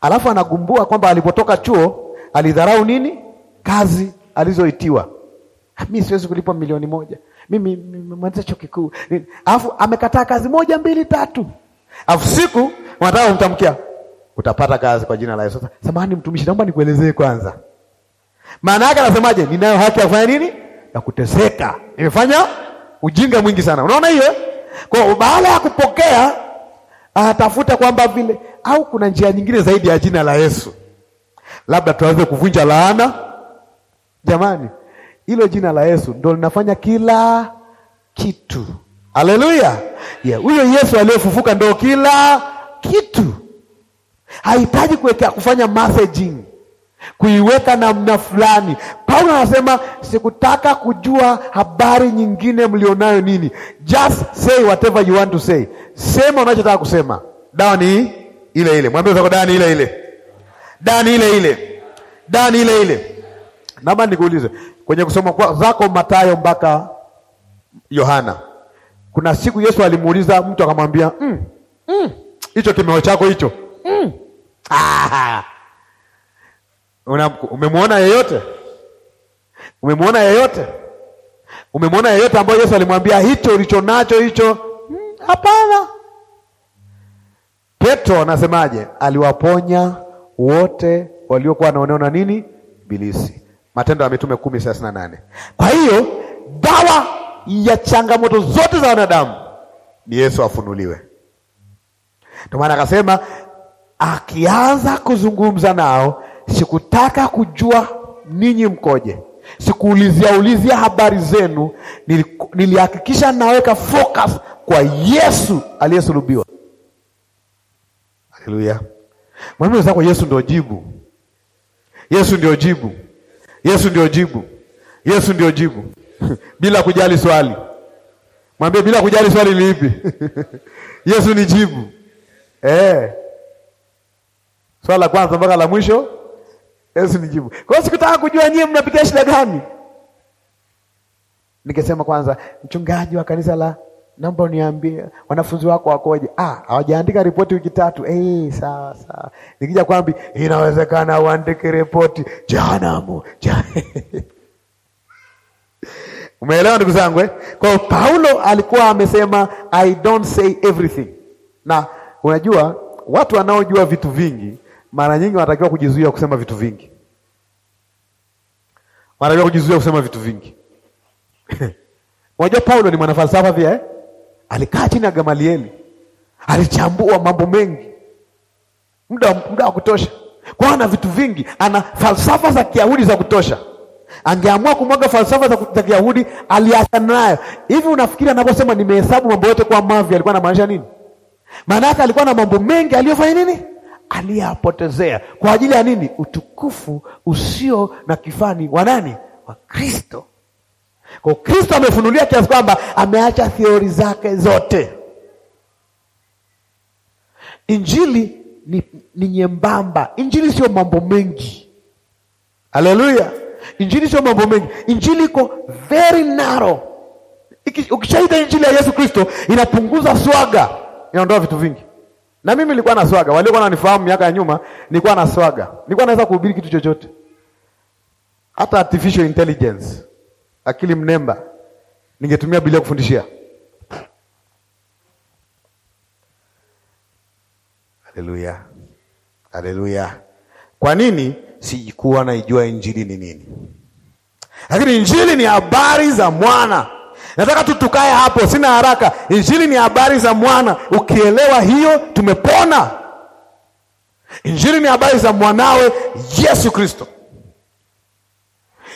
alafu anagumbua kwamba alipotoka chuo alidharau nini kazi alizoitiwa. Mimi ah, siwezi kulipwa milioni moja, mimi nimemaliza chuo kikuu, alafu amekataa kazi moja mbili tatu, alafu siku wanataka kumtamkia utapata kazi kwa jina la Yesu. samahani, mtumishi, naomba nikuelezee kwanza. Maana yake anasemaje? Ninayo haki ya kufanya nini? ya kuteseka, imefanya ujinga mwingi sana. Unaona hiyo? Kwa baada ya kupokea atafuta kwamba vile au kuna njia nyingine zaidi ya jina la Yesu, labda tuanze kuvunja laana. Jamani, hilo jina la Yesu ndo linafanya kila kitu. Haleluya! huyo yeah, Yesu aliyefufuka ndo kila kitu, hahitaji kuwekea kufanya messaging kuiweka namna fulani. Paulo anasema sikutaka kujua habari nyingine mlionayo nini, just say whatever you want to say, sema unachotaka kusema. Dawa ni ile ile, mwambie zako dawa ni ile ile, dawa ni ile ile, dawa ni ile ile. Naomba nikuulize kwenye kusoma kwa zako Mathayo mpaka Yohana, kuna siku Yesu alimuuliza mtu akamwambia, hicho mm, mm, kimeo chako hicho mm. Ah, Umemwona yeyote? Umemwona yeyote? Umemwona yeyote ambayo Yesu alimwambia hicho ulicho nacho hicho? Mm, hapana. Petro anasemaje? Aliwaponya wote waliokuwa wanaoneona nini? Bilisi. Matendo ya Mitume kumi thelathini na nane. Kwa hiyo dawa ya changamoto zote za wanadamu ni Yesu afunuliwe. Ndio maana akasema akianza kuzungumza nao Sikutaka kujua ninyi mkoje, sikuulizia ulizia habari zenu. Nilihakikisha naweka focus kwa Yesu aliyesulubiwa. Haleluya! Mwambie kwa Yesu ndio jibu, Yesu ndio jibu, Yesu ndio jibu, Yesu ndio jibu bila kujali swali. Mwambie bila kujali swali ni lipi. Yesu ni jibu eh. Swala la kwanza mpaka la mwisho Yesu jibu. Kwa hiyo sikutaka kujua nyie mnapitia shida gani. Nikisema kwanza, mchungaji wa kanisa la naomba uniambie wanafunzi wako wakoje? Ah, hawajaandika ripoti wiki tatu. Eh, sawa sawa. Nikija kwambi inawezekana uandike ripoti jehanamu. Umeelewa ndugu zangu eh? Kwa hiyo Paulo alikuwa amesema I don't say everything. Na unajua watu wanaojua vitu vingi mara nyingi wanatakiwa kujizuia kusema vitu vingi, wanatakiwa kujizuia kusema vitu vingi. Unajua Paulo ni mwanafalsafa pia eh? Alikaa chini ya Gamalieli, alichambua mambo mengi, muda muda wa kutosha, kwao, ana vitu vingi, ana falsafa za Kiyahudi za kutosha. Angeamua kumwaga falsafa za, Kiyahudi, aliacha nayo. Hivi unafikiri anaposema nimehesabu mambo yote kuwa mavi, alikuwa anamaanisha nini? Maana yake alikuwa na mambo mengi aliyofanya nini aliyeapotezea kwa ajili ya nini? Utukufu usio na kifani wa nani? Wa Kristo. Kwa Kristo amefunulia kiasi kwamba ameacha theori zake zote. Injili ni, ni nyembamba. Injili sio mambo mengi. Haleluya! Injili sio mambo mengi. Injili iko very narrow. Ukishaita injili ya Yesu Kristo inapunguza swaga, inaondoa vitu vingi. Na mimi nilikuwa na swaga, waliokuwa wananifahamu miaka ya nyuma, nilikuwa na swaga, nilikuwa naweza kuhubiri kitu chochote, hata artificial intelligence, akili mnemba, ningetumia bila kufundishia. Haleluya, haleluya. Kwa nini? Sikuwa naijua injili ni nini, lakini injili ni habari za mwana Nataka tu tukae hapo, sina haraka. Injili ni habari za mwana, ukielewa hiyo tumepona. Injili ni habari za mwanawe Yesu Kristo.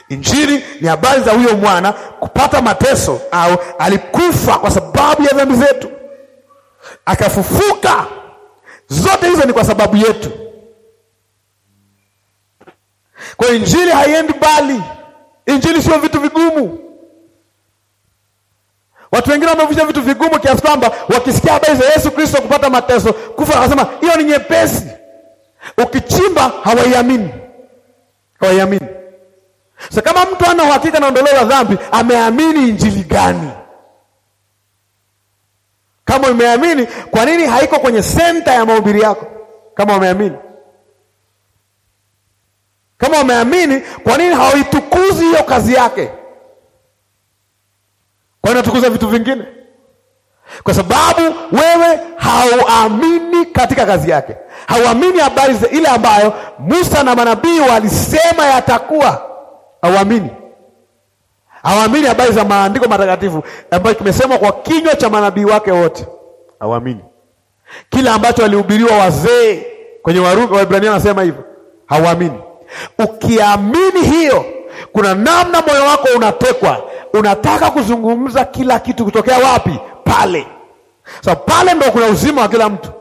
Injili ni habari za huyo mwana kupata mateso, au alikufa kwa sababu ya dhambi zetu, akafufuka. Zote hizo ni kwa sababu yetu. Kwa injili haiendi mbali, injili sio vitu vigumu. Watu wengine wamevunja vitu vigumu kiasi kwamba wakisikia habari za Yesu Kristo kupata mateso, kufa, akasema hiyo ni nyepesi. Ukichimba hawaiamini, hawaiamini. Sasa so, kama mtu ana uhakika na ondoleo la dhambi, ameamini injili gani? Kama umeamini, kwa nini haiko kwenye senta ya mahubiri yako? Kama umeamini, kama umeamini, kwa nini hawaitukuzi hiyo kazi yake? Kwa nini natukuza vitu vingine, kwa sababu wewe hauamini katika kazi yake, hauamini habari ile ambayo Musa na manabii walisema yatakuwa. Hauamini, hauamini habari za maandiko matakatifu ambayo kimesemwa kwa kinywa cha manabii wake wote. Hauamini kile ambacho walihubiriwa wazee kwenye Warumi. Waibrania anasema hivyo, hauamini. Ukiamini hiyo, kuna namna moyo wako unatekwa unataka kuzungumza kila kitu kutokea wapi? Pale. so, pale ndo kuna uzima wa kila mtu.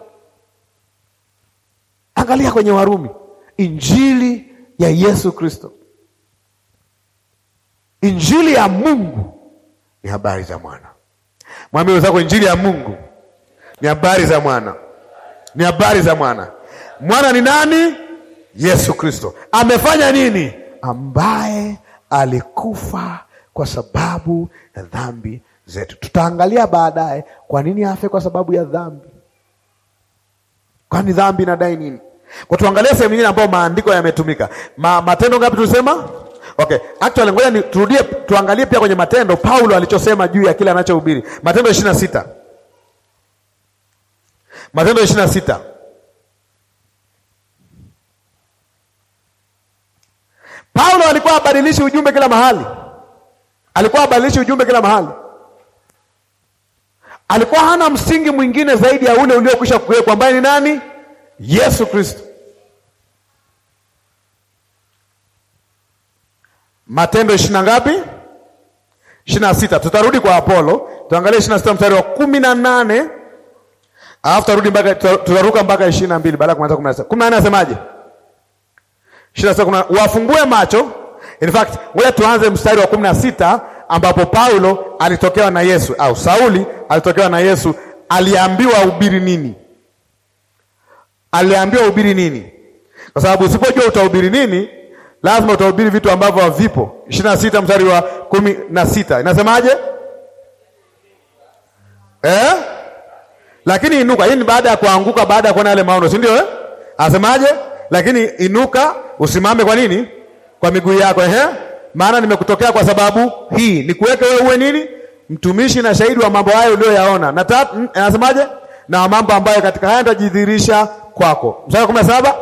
Angalia kwenye Warumi, injili ya Yesu Kristo, injili ya Mungu ni habari za mwana. Mwambie wenzako, injili ya Mungu ni habari za mwana, ni habari za mwana. Mwana ni nani? Yesu Kristo. Amefanya nini? Ambaye alikufa kwa sababu ya dhambi zetu. Tutaangalia baadaye kwa nini afe kwa sababu ya dhambi, kwani dhambi inadai nini? Kwa tuangalie sehemu nyingine ambayo maandiko yametumika. Ma, Matendo ngapi tulisema? Okay, actually ngoja ni turudie, tuangalie pia kwenye Matendo Paulo alichosema juu ya kile anachohubiri. Matendo ishirini sita Matendo ishirini sita Paulo alikuwa abadilishi ujumbe kila mahali. Alikuwa abadilishi ujumbe kila mahali, alikuwa hana msingi mwingine zaidi ya ule uliokwisha kuwekwa, ambaye ni nani? Yesu Kristo. Matendo ishirini na ngapi? ishirini na sita. Tutarudi kwa Apolo, tuangalie ishirini na sita mstari wa kumi na nane alafu tutarudi mpaka tutaruka mpaka ishirini na mbili baada ya kumaliza kumi na nane asemaje? ishirini na sita wafungue macho In fact, ngoja tuanze mstari wa kumi na sita ambapo Paulo alitokewa na Yesu au Sauli alitokewa na Yesu, aliambiwa ubiri nini? Aliambiwa ubiri nini? Kwa sababu usipojua utahubiri nini, lazima utahubiri vitu ambavyo havipo. ishirini na sita mstari wa kumi na sita inasemaje? Eh? Lakini inuka, hii ni baada ya kuanguka, baada ya kuona yale maono, si ndio eh? Asemaje? Lakini inuka usimame, kwa nini? kwa miguu yako ehe, maana nimekutokea kwa sababu hii, nikuweke wewe uwe nini, mtumishi na shahidi wa mambo hayo uliyoyaona. Na tatu mm, anasemaje? Na mambo ambayo katika haya nitajidhihirisha kwako. Mstari kumi na saba,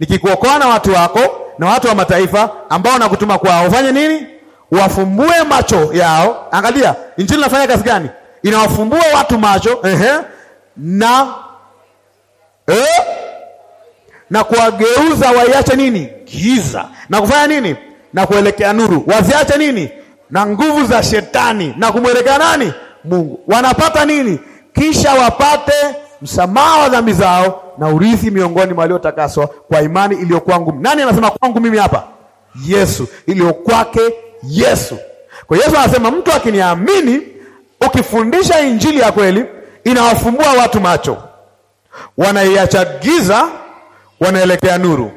nikikuokoa na watu wako na watu wa mataifa ambao nakutuma kwao, ufanye nini? Wafumbue macho yao. Angalia, injili nafanya kazi gani? Inawafumbua watu macho ehe, na eh na kuwageuza waiache nini giza na kufanya nini na kuelekea nuru, waziache nini na nguvu za shetani na kumwelekea nani Mungu. Wanapata nini? Kisha wapate msamaha wa dhambi zao na urithi miongoni mwa waliotakaswa kwa imani iliyokuwa kwangu. Nani anasema kwangu mimi hapa? Yesu, iliyokwake Yesu. Kwa Yesu anasema mtu akiniamini, ukifundisha injili ya kweli, inawafumbua watu macho, wanaiacha giza wanaelekea nuru,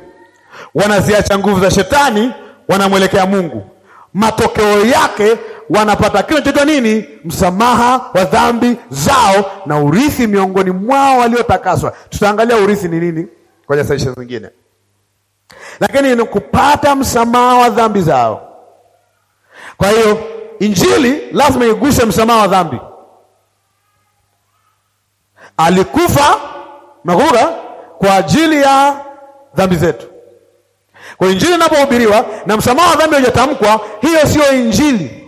wanaziacha nguvu za shetani, wanamwelekea Mungu. Matokeo yake wanapata kile choitwa nini? Msamaha wa dhambi zao na urithi miongoni mwao waliotakaswa. Tutaangalia urithi ni nini kwenye session zingine, lakini ni kupata msamaha wa dhambi zao. Kwa hiyo injili lazima iguse msamaha wa dhambi. Alikufa, nakumbuka kwa ajili ya dhambi zetu. Kwa injili inapohubiriwa na msamaha wa dhambi hujatamkwa, hiyo sio injili,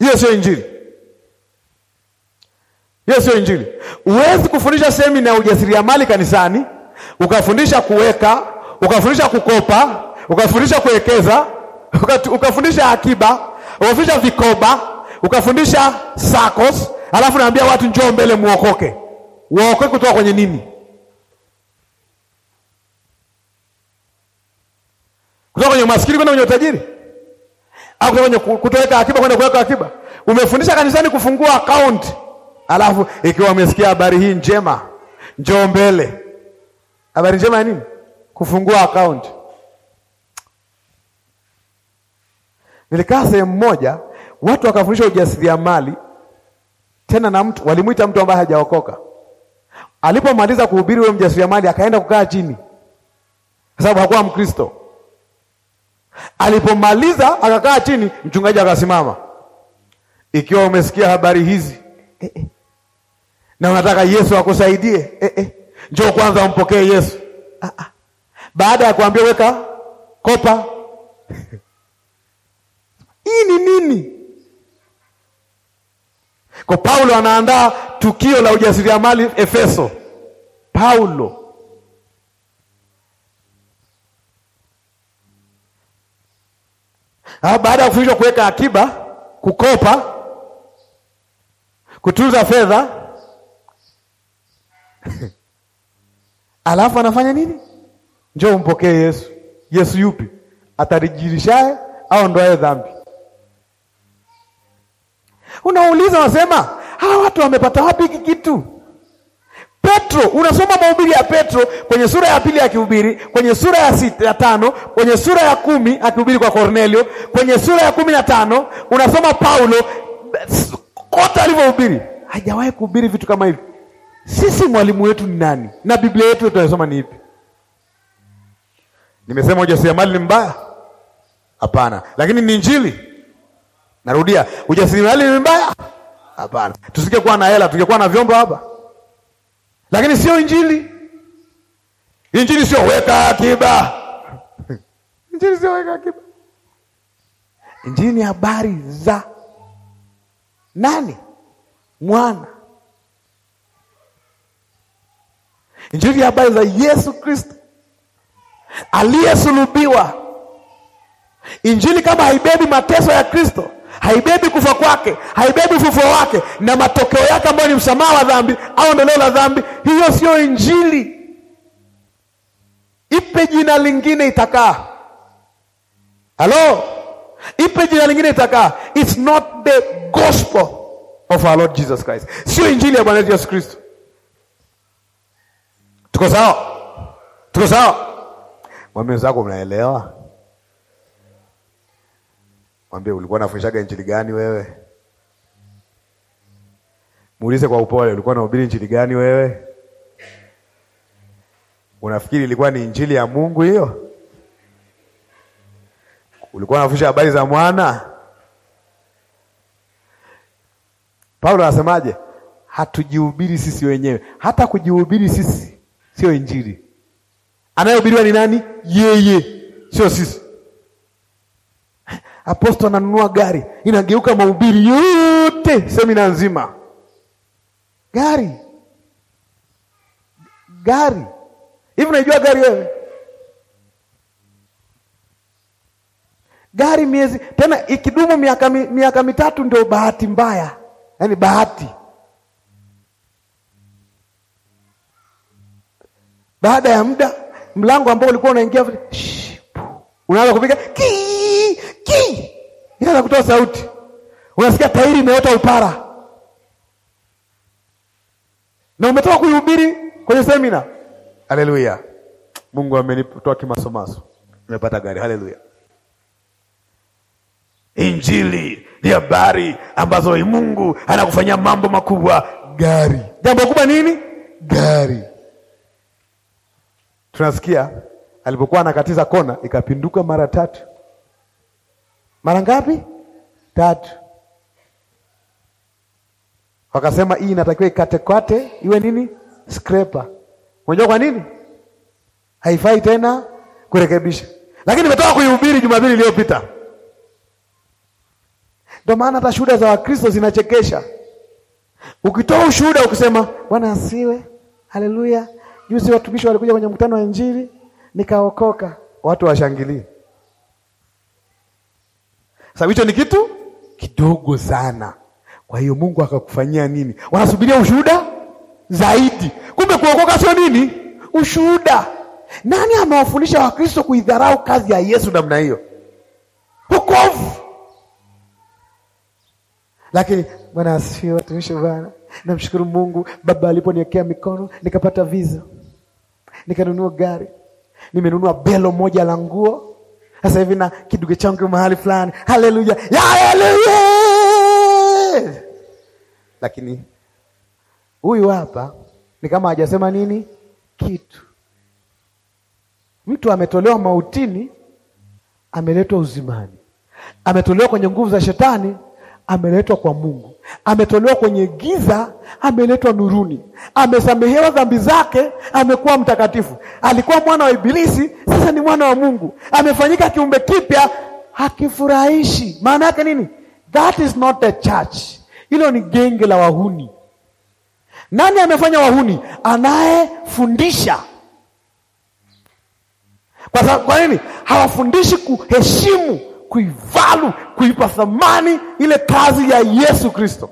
hiyo sio injili, hiyo sio injili. Huwezi kufundisha semina ya ujasiriamali kanisani ukafundisha kuweka, ukafundisha kukopa, ukafundisha kuwekeza, ukafundisha akiba, ukafundisha vikoba, ukafundisha sakos, alafu naambia watu njoo mbele muokoke waokoe kutoka kwenye nini? Kutoka kwenye umaskini kwenda kwenye utajiri, au kutoka kwenye kutoweka akiba kwenda kuweka akiba? Umefundisha kanisani kufungua akaunti, alafu ikiwa umesikia habari hii njema, njoo mbele. Habari njema ya nini? Kufungua akaunti. Nilikaa sehemu moja, watu wakafundisha ujasiriamali, tena na mtu walimwita mtu ambaye hajaokoka Alipomaliza kuhubiri huyo mjasiriamali akaenda kukaa chini, kwa sababu hakuwa Mkristo. Alipomaliza akakaa chini, mchungaji akasimama. Ikiwa umesikia habari hizi eh, eh, na unataka Yesu akusaidie eh, eh, njoo kwanza umpokee Yesu. Ah, ah. Baada ya kuambia weka kopa hii ni nini? Kwa Paulo anaandaa tukio la ujasiriamali Efeso, Paulo ah, baada ya kufundishwa kuweka akiba, kukopa, kutunza fedha alafu anafanya nini? Njoo umpokee Yesu. Yesu yupi? Atarijirishaye au ndoaye dhambi? Unauliza, wasema hawa watu wamepata wapi hiki kitu? Petro, unasoma mahubiri ya Petro kwenye sura ya pili akihubiri, kwenye sura ya sita, ya tano, kwenye sura ya kumi akihubiri kwa Kornelio, kwenye sura ya kumi na tano unasoma Paulo kote alivyohubiri, hajawahi kuhubiri vitu kama hivi. Sisi mwalimu wetu ni nani? Na Biblia yetu tunasoma ni ipi? Nimesema ujasiriamali ni mbaya? Hapana, lakini ni Injili. Narudia, ujasiriamali ni mbaya? Hapana, tusingekuwa na hela, tungekuwa na vyombo hapa, lakini sio injili. Injili sio weka akiba injili sio weka akiba. Injili ni habari za nani? Mwana. Injili ni habari za Yesu Kristo aliyesulubiwa. Injili kama haibebi mateso ya Kristo haibebi kufa kwake, haibebi ufufuo wake na matokeo yake ambayo ni msamaha wa dhambi au ondoleo la dhambi. Hiyo sio Injili. Ipe jina lingine itakaa. Halo, ipe jina lingine itakaa. It's not the gospel of our Lord Jesus Christ, sio injili ya Bwana Yesu Kristo. Tuko sawa? Tuko sawa? Mwambie wenzako, mnaelewa? Mwambie ulikuwa unafundishaga injili gani wewe? Muulize kwa upole, ulikuwa unahubiri injili gani wewe? Unafikiri ilikuwa ni injili ya Mungu hiyo? Ulikuwa unafundisha habari za mwana? Paulo anasemaje? Hatujihubiri sisi wenyewe, hata kujihubiri sisi sio injili. Anayehubiriwa ni nani? Yeye, sio sisi. Aposto ananunua gari, inageuka mahubiri yote, semina nzima, gari gari. Hivi unaijua gari wewe? Gari miezi tena, ikidumu miaka miaka mitatu, ndio bahati mbaya, yaani bahati baada ya muda mlango ambao ulikuwa unaingia unaanza kupiga inaanza kutoa sauti, unasikia tairi imeota upara, na umetoka kuihubiri kwenye semina. Haleluya, Mungu amenitoa kimasomaso, nimepata gari. Haleluya. Injili ni habari ambazo Mungu anakufanyia mambo makubwa. Gari, jambo kubwa nini? Gari. Tunasikia alipokuwa anakatiza kona, ikapinduka mara tatu mara ngapi? Tatu. Wakasema hii inatakiwa ikatekwate iwe nini? Scraper. Unajua kwa nini? Haifai tena kurekebisha, lakini nimetoka kuihubiri Jumapili iliyopita. Ndio maana hata shuhuda za Wakristo zinachekesha. Ukitoa ushuhuda ukisema Bwana asiwe, haleluya, juzi watumishi walikuja kwenye mkutano wa Injili nikaokoka, watu washangilie sababu hicho ni kitu kidogo sana. Kwa hiyo Mungu akakufanyia nini? Wanasubiria ushuhuda zaidi. Kumbe kuokoka sio nini? Ushuhuda. Nani amewafundisha Wakristo kuidharau kazi ya Yesu namna hiyo? Wokovu. Lakini Bwana asifiwe, watumishi Bwana. Namshukuru Mungu Baba aliponiwekea mikono nikapata visa, nikanunua gari, nimenunua belo moja la nguo sasa hivi na kiduge changu mahali fulani, haleluya haleluya. Lakini huyu hapa ni kama hajasema nini kitu. Mtu ametolewa mautini, ameletwa uzimani, ametolewa kwenye nguvu za shetani, ameletwa kwa Mungu. Ametolewa kwenye giza, ameletwa nuruni, amesamehewa dhambi zake, amekuwa mtakatifu. Alikuwa mwana wa Ibilisi, sasa ni mwana wa Mungu, amefanyika kiumbe kipya, hakifurahishi. Maana yake nini? That is not a church. Hilo ni genge la wahuni. Nani amefanya wahuni? Anayefundisha. Kwa sababu, kwa nini hawafundishi kuheshimu kuivalu, kuipa thamani ile kazi ya Yesu Kristo,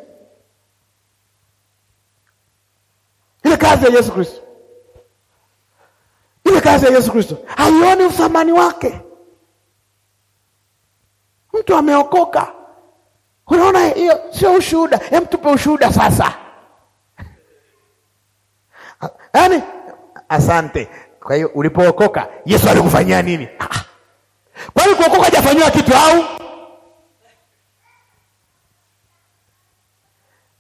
ile kazi ya Yesu Kristo, ile kazi ya Yesu Kristo. Haioni uthamani wake. Mtu ameokoka, unaona hiyo sio ushuhuda? Hem, tupe ushuhuda sasa. Yaani, asante. Kwa hiyo ulipookoka Yesu alikufanyia nini? Ah. ah. Kwani kuokoka hajafanyiwa kitu au?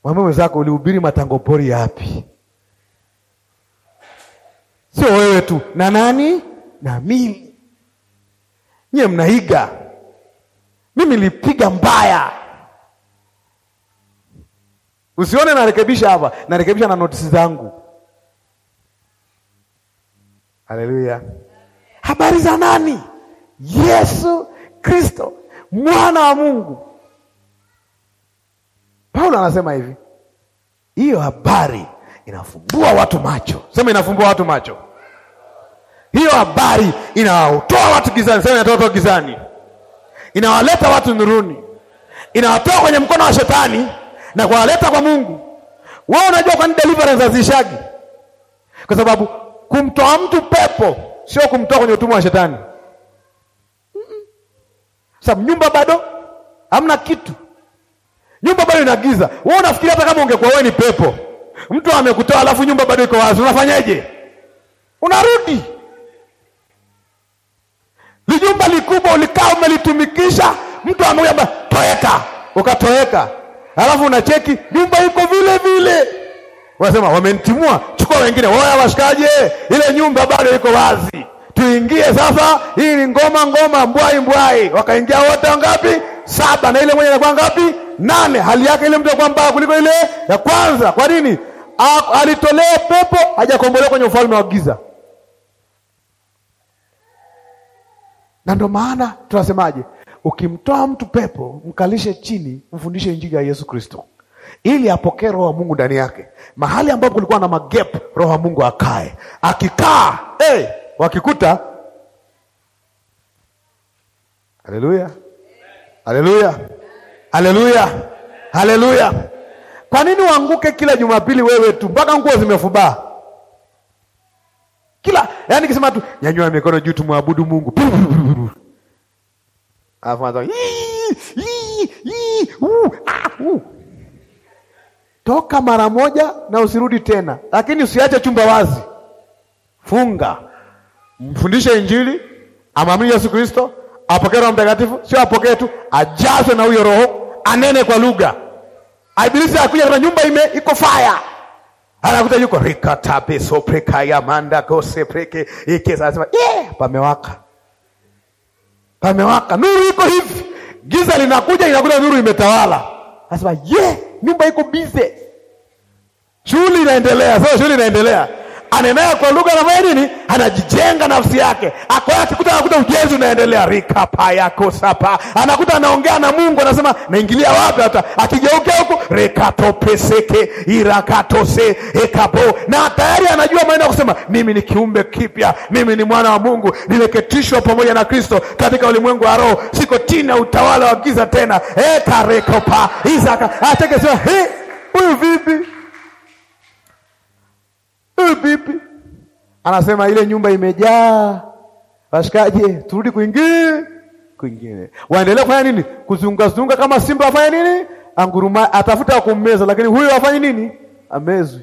Mwambie mwenzako ulihubiri matango pori yapi? Sio wewe tu, na nani na mimi. Nyie mnaiga, mimi nilipiga mbaya. Usione narekebisha hapa, narekebisha na notisi zangu. Haleluya! habari za nani? Yesu Kristo mwana wa Mungu. Paulo anasema hivi, hiyo habari inafumbua watu macho. Sema inafumbua watu macho. Hiyo habari inawatoa watu gizani. Sema inatoa watu gizani, inawaleta watu nuruni, inawatoa kwenye mkono wa shetani na kuwaleta kwa Mungu. Wewe unajua nini deliverance hazishagi? Kwa sababu kumtoa mtu pepo sio kumtoa kwenye utumwa wa shetani sababu nyumba bado hamna kitu, nyumba bado inagiza. Wewe unafikiria hata kama ungekuwa wewe ni pepo, mtu amekutoa alafu nyumba bado iko wazi, unafanyaje? Unarudi lijumba likubwa ulikaa umelitumikisha, mtu amekuja toeka, ukatoeka, alafu unacheki nyumba iko vile vile, wanasema wamenitimua, chukua wengine. Waya washikaje, ile nyumba bado iko wazi tuingie sasa, hii ni ngoma ngoma, mbwai mbwai. Wakaingia wote wangapi? Saba. Na ile moja inakuwa ngapi? Nane. Hali yake ile mtu kwa mbaya kuliko ile ya kwanza. Kwa nini? alitolea pepo, hajakombolewa kwenye ufalme wa giza. Na ndio maana tunasemaje, ukimtoa mtu pepo, mkalishe chini, mfundishe injili ya Yesu Kristo ili apokee roho wa Mungu ndani yake. Mahali ambapo kulikuwa na magep, roho wa Mungu akae. Akikaa hey, wakikuta. Haleluya, haleluya, haleluya, haleluya. Kwa nini uanguke kila Jumapili wewe tu mpaka nguo zimefubaa kila, yani kisema tu nyanyua mikono juu tumwabudu Mungu toka mara moja na usirudi tena, lakini usiache chumba wazi, funga mfundishe Injili, amwamini Yesu Kristo, apokee Roho Mtakatifu, sio apokee tu, ajazwe na huyo Roho, anene kwa lugha. Ibilisi akuja kwa nyumba ime iko fire anakuta yuko preka ya manda rikatabesoprekayamandakosepreke ikesa, anasema yeah, pamewaka, pamewaka, nuru iko hivi. Giza linakuja inakuta nuru imetawala, anasema ye yeah, nyumba iko busy, shughuli inaendelea. Sasa shughuli inaendelea anenea kwa lugha anafanya nini? Anajijenga nafsi yake, akikuta anakuta ujenzi unaendelea, rikapa yako sapa, anakuta anaongea na Mungu, anasema naingilia wapi? Hata akigeuka huku rekatopeseke irakatose ekapo, na tayari anajua maana ya kusema mimi ni kiumbe kipya, mimi ni mwana wa Mungu, nimeketishwa pamoja na Kristo katika ulimwengu wa roho, siko chini ya utawala wa giza tena. ekarekopa izaka atekesema huyu vipi? Eh, vipi? Anasema ile nyumba imejaa washikaje, turudi kwingine kwingine. Waendelee kufanya nini? Kuzunga zunga kama simba afanye nini? Anguruma atafuta kummeza, lakini huyo afanye nini? Amezwi.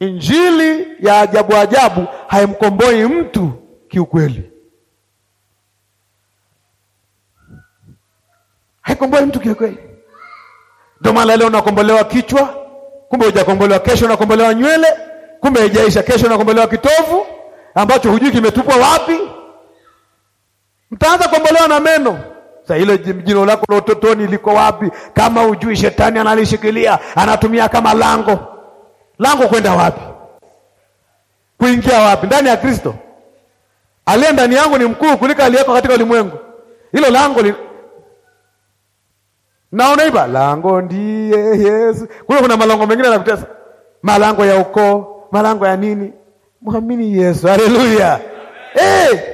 Injili ya ajabu ajabu haimkomboi mtu kiukweli. haikomboi mtu kiukweli. Ndio maana leo unakombolewa kichwa kumbe hujakombolewa. Kesho unakombolewa nywele, kumbe haijaisha. Kesho unakombolewa kitovu ambacho hujui kimetupwa wapi. Mtaanza kombolewa na meno. Sasa ile jino lako la utotoni liko wapi? Kama hujui, shetani analishikilia, anatumia kama lango, lango kwenda wapi? Kuingia wapi? Ndani ya Kristo aliye ndani yangu ni mkuu kuliko aliyeko katika ulimwengu. Hilo lango li na unaiba lango ndiye Yesu. Kule kuna malango mengine yanakutesa, malango ya ukoo, malango ya nini. Mwamini Yesu. Haleluya, hey!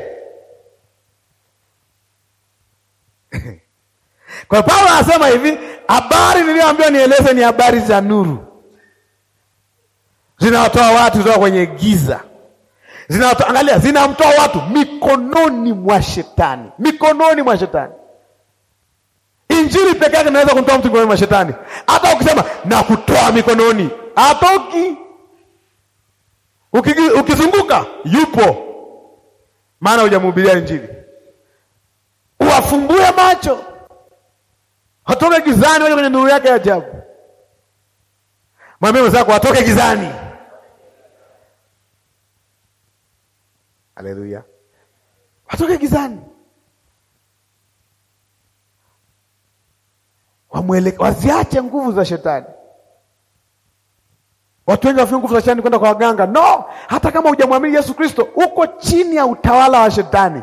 Kwa Paulo anasema hivi, habari niliyoambiwa nieleze ni habari za nuru, zinawatoa watu kutoka kwenye giza Zinatoa, angalia, zinamtoa watu mikononi mwa shetani, mikononi mwa shetani. Injili peke yake inaweza kumtoa mtu mwa shetani. Hata ukisema na kutoa mikononi, atoki Ukizunguka yupo, maana hujamhubiria Injili. Uwafumbue macho, watoke gizani, waje kwenye nuru yake ya ajabu. Mwambie mwenzako watoke gizani. Haleluya, watoke gizani. wamwele, waziache nguvu za shetani. Watu wengi wafia nguvu za shetani kwenda kwa waganga. No, hata kama hujamwamini Yesu Kristo, uko chini ya utawala wa shetani,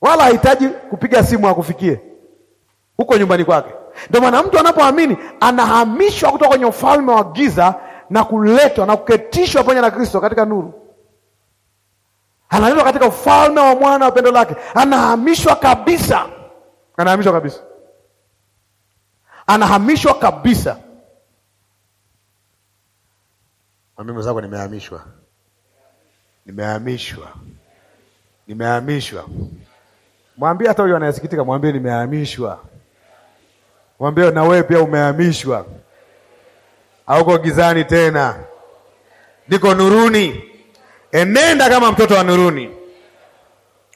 wala hahitaji kupiga simu akufikie, uko nyumbani kwake. Ndio maana mtu anapoamini anahamishwa kutoka kwenye ufalme wa giza na kuletwa na kuketishwa pamoja na Kristo katika nuru. Analetwa katika ufalme wa mwana wa pendo lake, anahamishwa kabisa, anahamishwa kabisa anahamishwa kabisa. Mwambie mwenzako, nimehamishwa, nimehamishwa, nimehamishwa. Mwambie hata huyo anayesikitika, mwambie nimehamishwa. Mwambie na wewe pia umehamishwa, hauko gizani tena, niko nuruni. Enenda kama mtoto wa nuruni.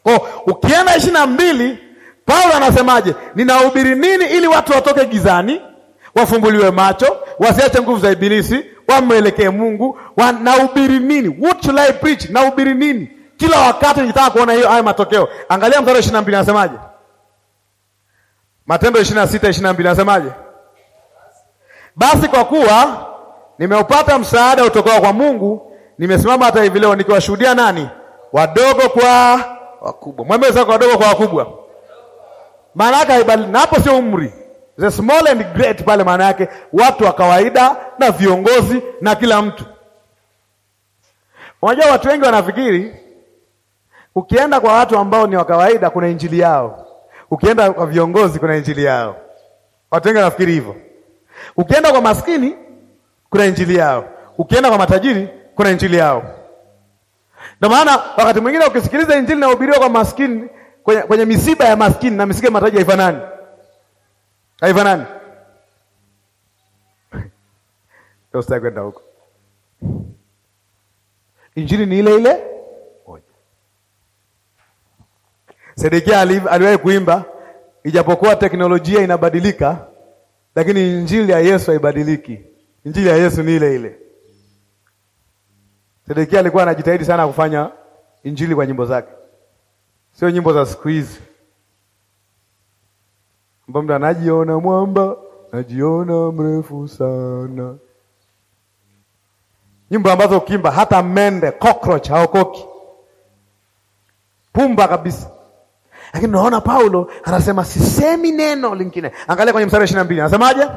Kwa ukienda ishirini na mbili Paulo anasemaje? Ninahubiri nini ili watu watoke gizani, wafumbuliwe macho, wasiache nguvu za Ibilisi, wamwelekee Mungu. Nahubiri nini? What shall I preach? Nahubiri nini? Kila wakati nitaka kuona hiyo haya matokeo. Angalia mstari ishirini na mbili anasemaje? Matendo ishirini na sita ishirini na mbili anasemaje? Basi kwa kuwa nimeupata msaada utokao kwa Mungu, nimesimama hata hivi leo nikiwashuhudia nani? Wadogo kwa wakubwa. Mwambie wadogo kwa wakubwa maana yake haibadiliki, na hapo sio umri. The small and great pale maana yake watu wa kawaida na viongozi na kila mtu. Unajua watu wengi wanafikiri ukienda kwa watu ambao ni wa kawaida kuna injili yao, ukienda kwa viongozi kuna injili yao. Watu wengi wanafikiri hivyo, ukienda kwa maskini kuna injili yao, ukienda kwa matajiri kuna injili yao. Ndio maana wakati mwingine ukisikiliza injili inahubiriwa kwa maskini kwenye, kwenye misiba ya maskini na misiba mataji haifanani, haifanani. Sitaki kwenda huko. Injili ni ile ile moja. Sedekia aliwahi kuimba, ijapokuwa teknolojia inabadilika, lakini injili ya Yesu haibadiliki. Injili ya Yesu ni ile ile. Sedekia alikuwa anajitahidi sana kufanya injili kwa nyimbo zake sio nyimbo za siku hizi ambao mtu anajiona mwamba, najiona mrefu sana, nyimbo ambazo ukimba hata mende cockroach haokoki, pumba kabisa. Lakini unaona Paulo anasema sisemi neno lingine. Angalia kwenye mstari wa ishirini na mbili anasemaje?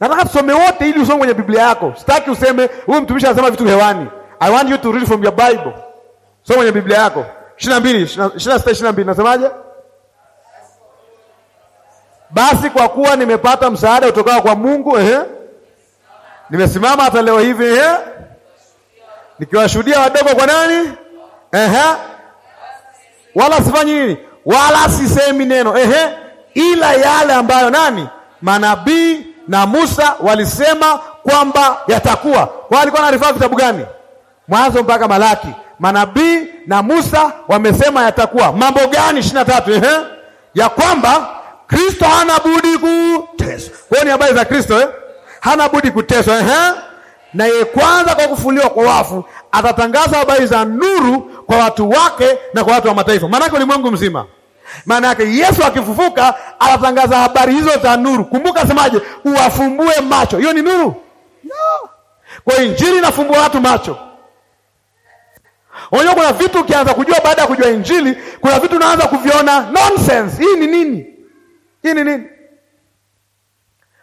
Nataka tusome wote ili usome kwenye Biblia yako. Sitaki useme huyu mtumishi anasema vitu hewani. I want you to read from your Bible. Soma kwenye Biblia yako ishirini na mbili ishirini na sita ishirini na mbili nasemaje? Basi kwa kuwa nimepata msaada utokao kwa Mungu eh, nimesimama hata leo hivi eh, nikiwashuhudia wadogo kwa nani eh, wala sifanyi nini, wala sisemi neno eh, ila yale ambayo nani manabii na Musa walisema kwamba yatakuwa. Kwa alikuwa anarifaa vitabu gani? Mwanzo mpaka Malaki manabii na Musa wamesema yatakuwa mambo gani? ishirini na tatu eh? ya kwamba Kristo hana budi kuteswa. Kwa hiyo ni habari za Kristo eh? hana budi kuteswa eh? na ye kwanza kwa kufuliwa kwa wafu, atatangaza habari za nuru kwa watu wake na kwa watu wa mataifa, yake ulimwengu mzima. Maana yake Yesu akifufuka atatangaza habari hizo za nuru. Kumbuka semaje? Uwafumbue macho. Hiyo ni nuru no. Kwa injili inafumbua watu macho Unajua kuna vitu ukianza kujua baada ya kujua Injili, kuna vitu unaanza kuviona nonsense. Hii ni nini? Hii ni nini?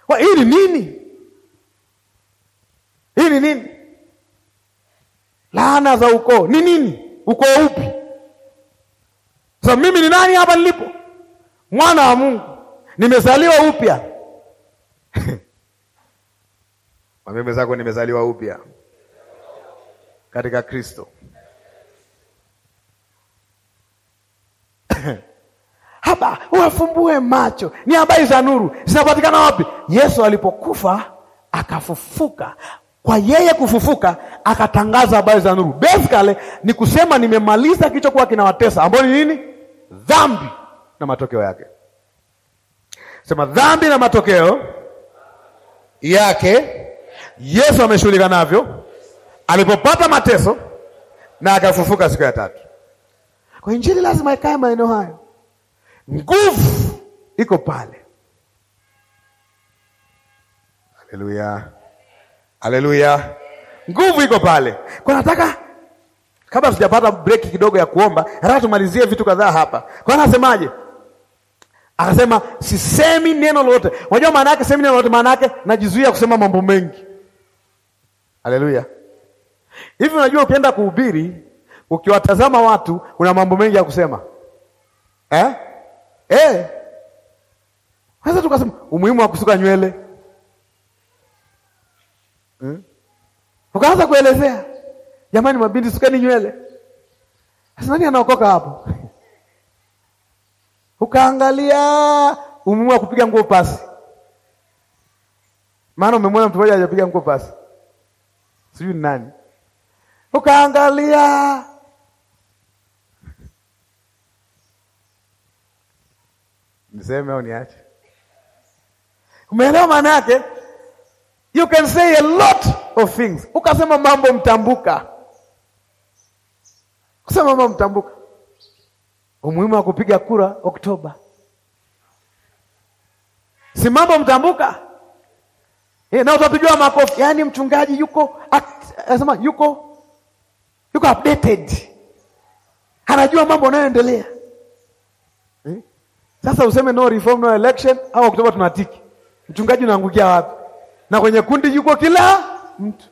Wa, hii ni nini? Hii ni nini? Laana za ukoo ni nini? Ukoo upi? Sasa mimi ni nani hapa nilipo? Mwana wa Mungu, nimezaliwa upya. Mwambie mwenzako nimezaliwa upya katika Kristo. hapa wafumbue macho. Ni habari za nuru zinapatikana wapi? Yesu alipokufa akafufuka. Kwa yeye kufufuka akatangaza habari za nuru. Basically ni kusema nimemaliza kilichokuwa kinawatesa, ambayo ni nini? Dhambi na matokeo yake. Sema dhambi na matokeo yake. Yesu ameshughulika navyo alipopata mateso na akafufuka siku ya tatu. Kwa injili lazima ikae maeneo hayo, nguvu iko pale. Haleluya, haleluya, nguvu iko pale. Kwa nataka kabla sijapata breki kidogo ya kuomba, nataka tumalizie vitu kadhaa hapa. Kwa anasemaje? Akasema sisemi neno lolote. Unajua maana yake semi neno lolote, maana yake najizuia kusema mambo mengi. Haleluya. Hivi unajua ukienda kuhubiri Ukiwatazama watu una mambo mengi ya kusema eh? Eh. Sasa tukasema umuhimu wa kusuka nywele hmm? Ukaanza kuelezea jamani, mabinti sukeni nywele. Sasa nani anaokoka hapo? Ukaangalia umuhimu wa kupiga nguo pasi, maana umemwona mtu mmoja hajapiga nguo pasi, sijui nani. Ukaangalia Niseme au niache? Umeelewa maana yake? You can say a lot of things. Ukasema mambo mtambuka, kusema mambo mtambuka, umuhimu wa kupiga kura Oktoba, si mambo mtambuka eh, na utapigiwa makofi. Yaani mchungaji yuko anasema, yuko yuko updated, anajua mambo yanayoendelea. Sasa useme no reform no election au Oktoba tunatiki, mchungaji unaangukia wapi? Na kwenye kundi yuko kila mtu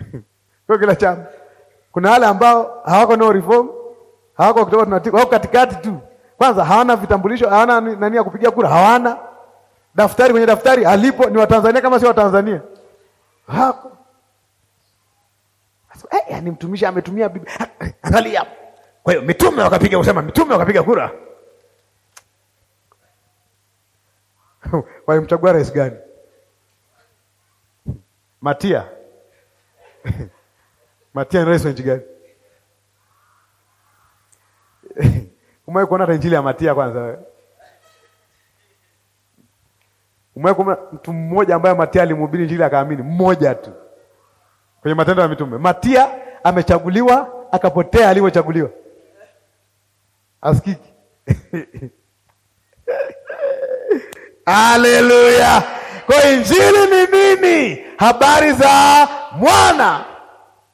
kwa kila chama. Kuna wale ambao hawako no reform, hawako Oktoba tunatiki, wako katikati tu. Kwanza hawana vitambulisho, hawana nani ya kupiga kura, hawana daftari. Kwenye daftari alipo ni Watanzania kama sio Watanzania hako eh, yani mtumishi ametumia bibi, angalia. Kwa hiyo mitume wakapiga, usema mitume wakapiga kura walimchagua rais gani? Matia Matia ni rais wa nchi gani? Umewahi kuona hata injili ya Matia kwanza? Umewahi kuona mtu mmoja ambaye Matia alimhubiri injili akaamini? Mmoja tu kwenye Matendo ya Mitume. Matia amechaguliwa akapotea alivyochaguliwa, asikiki Haleluya! Kwa injili ni nini? Habari za mwana.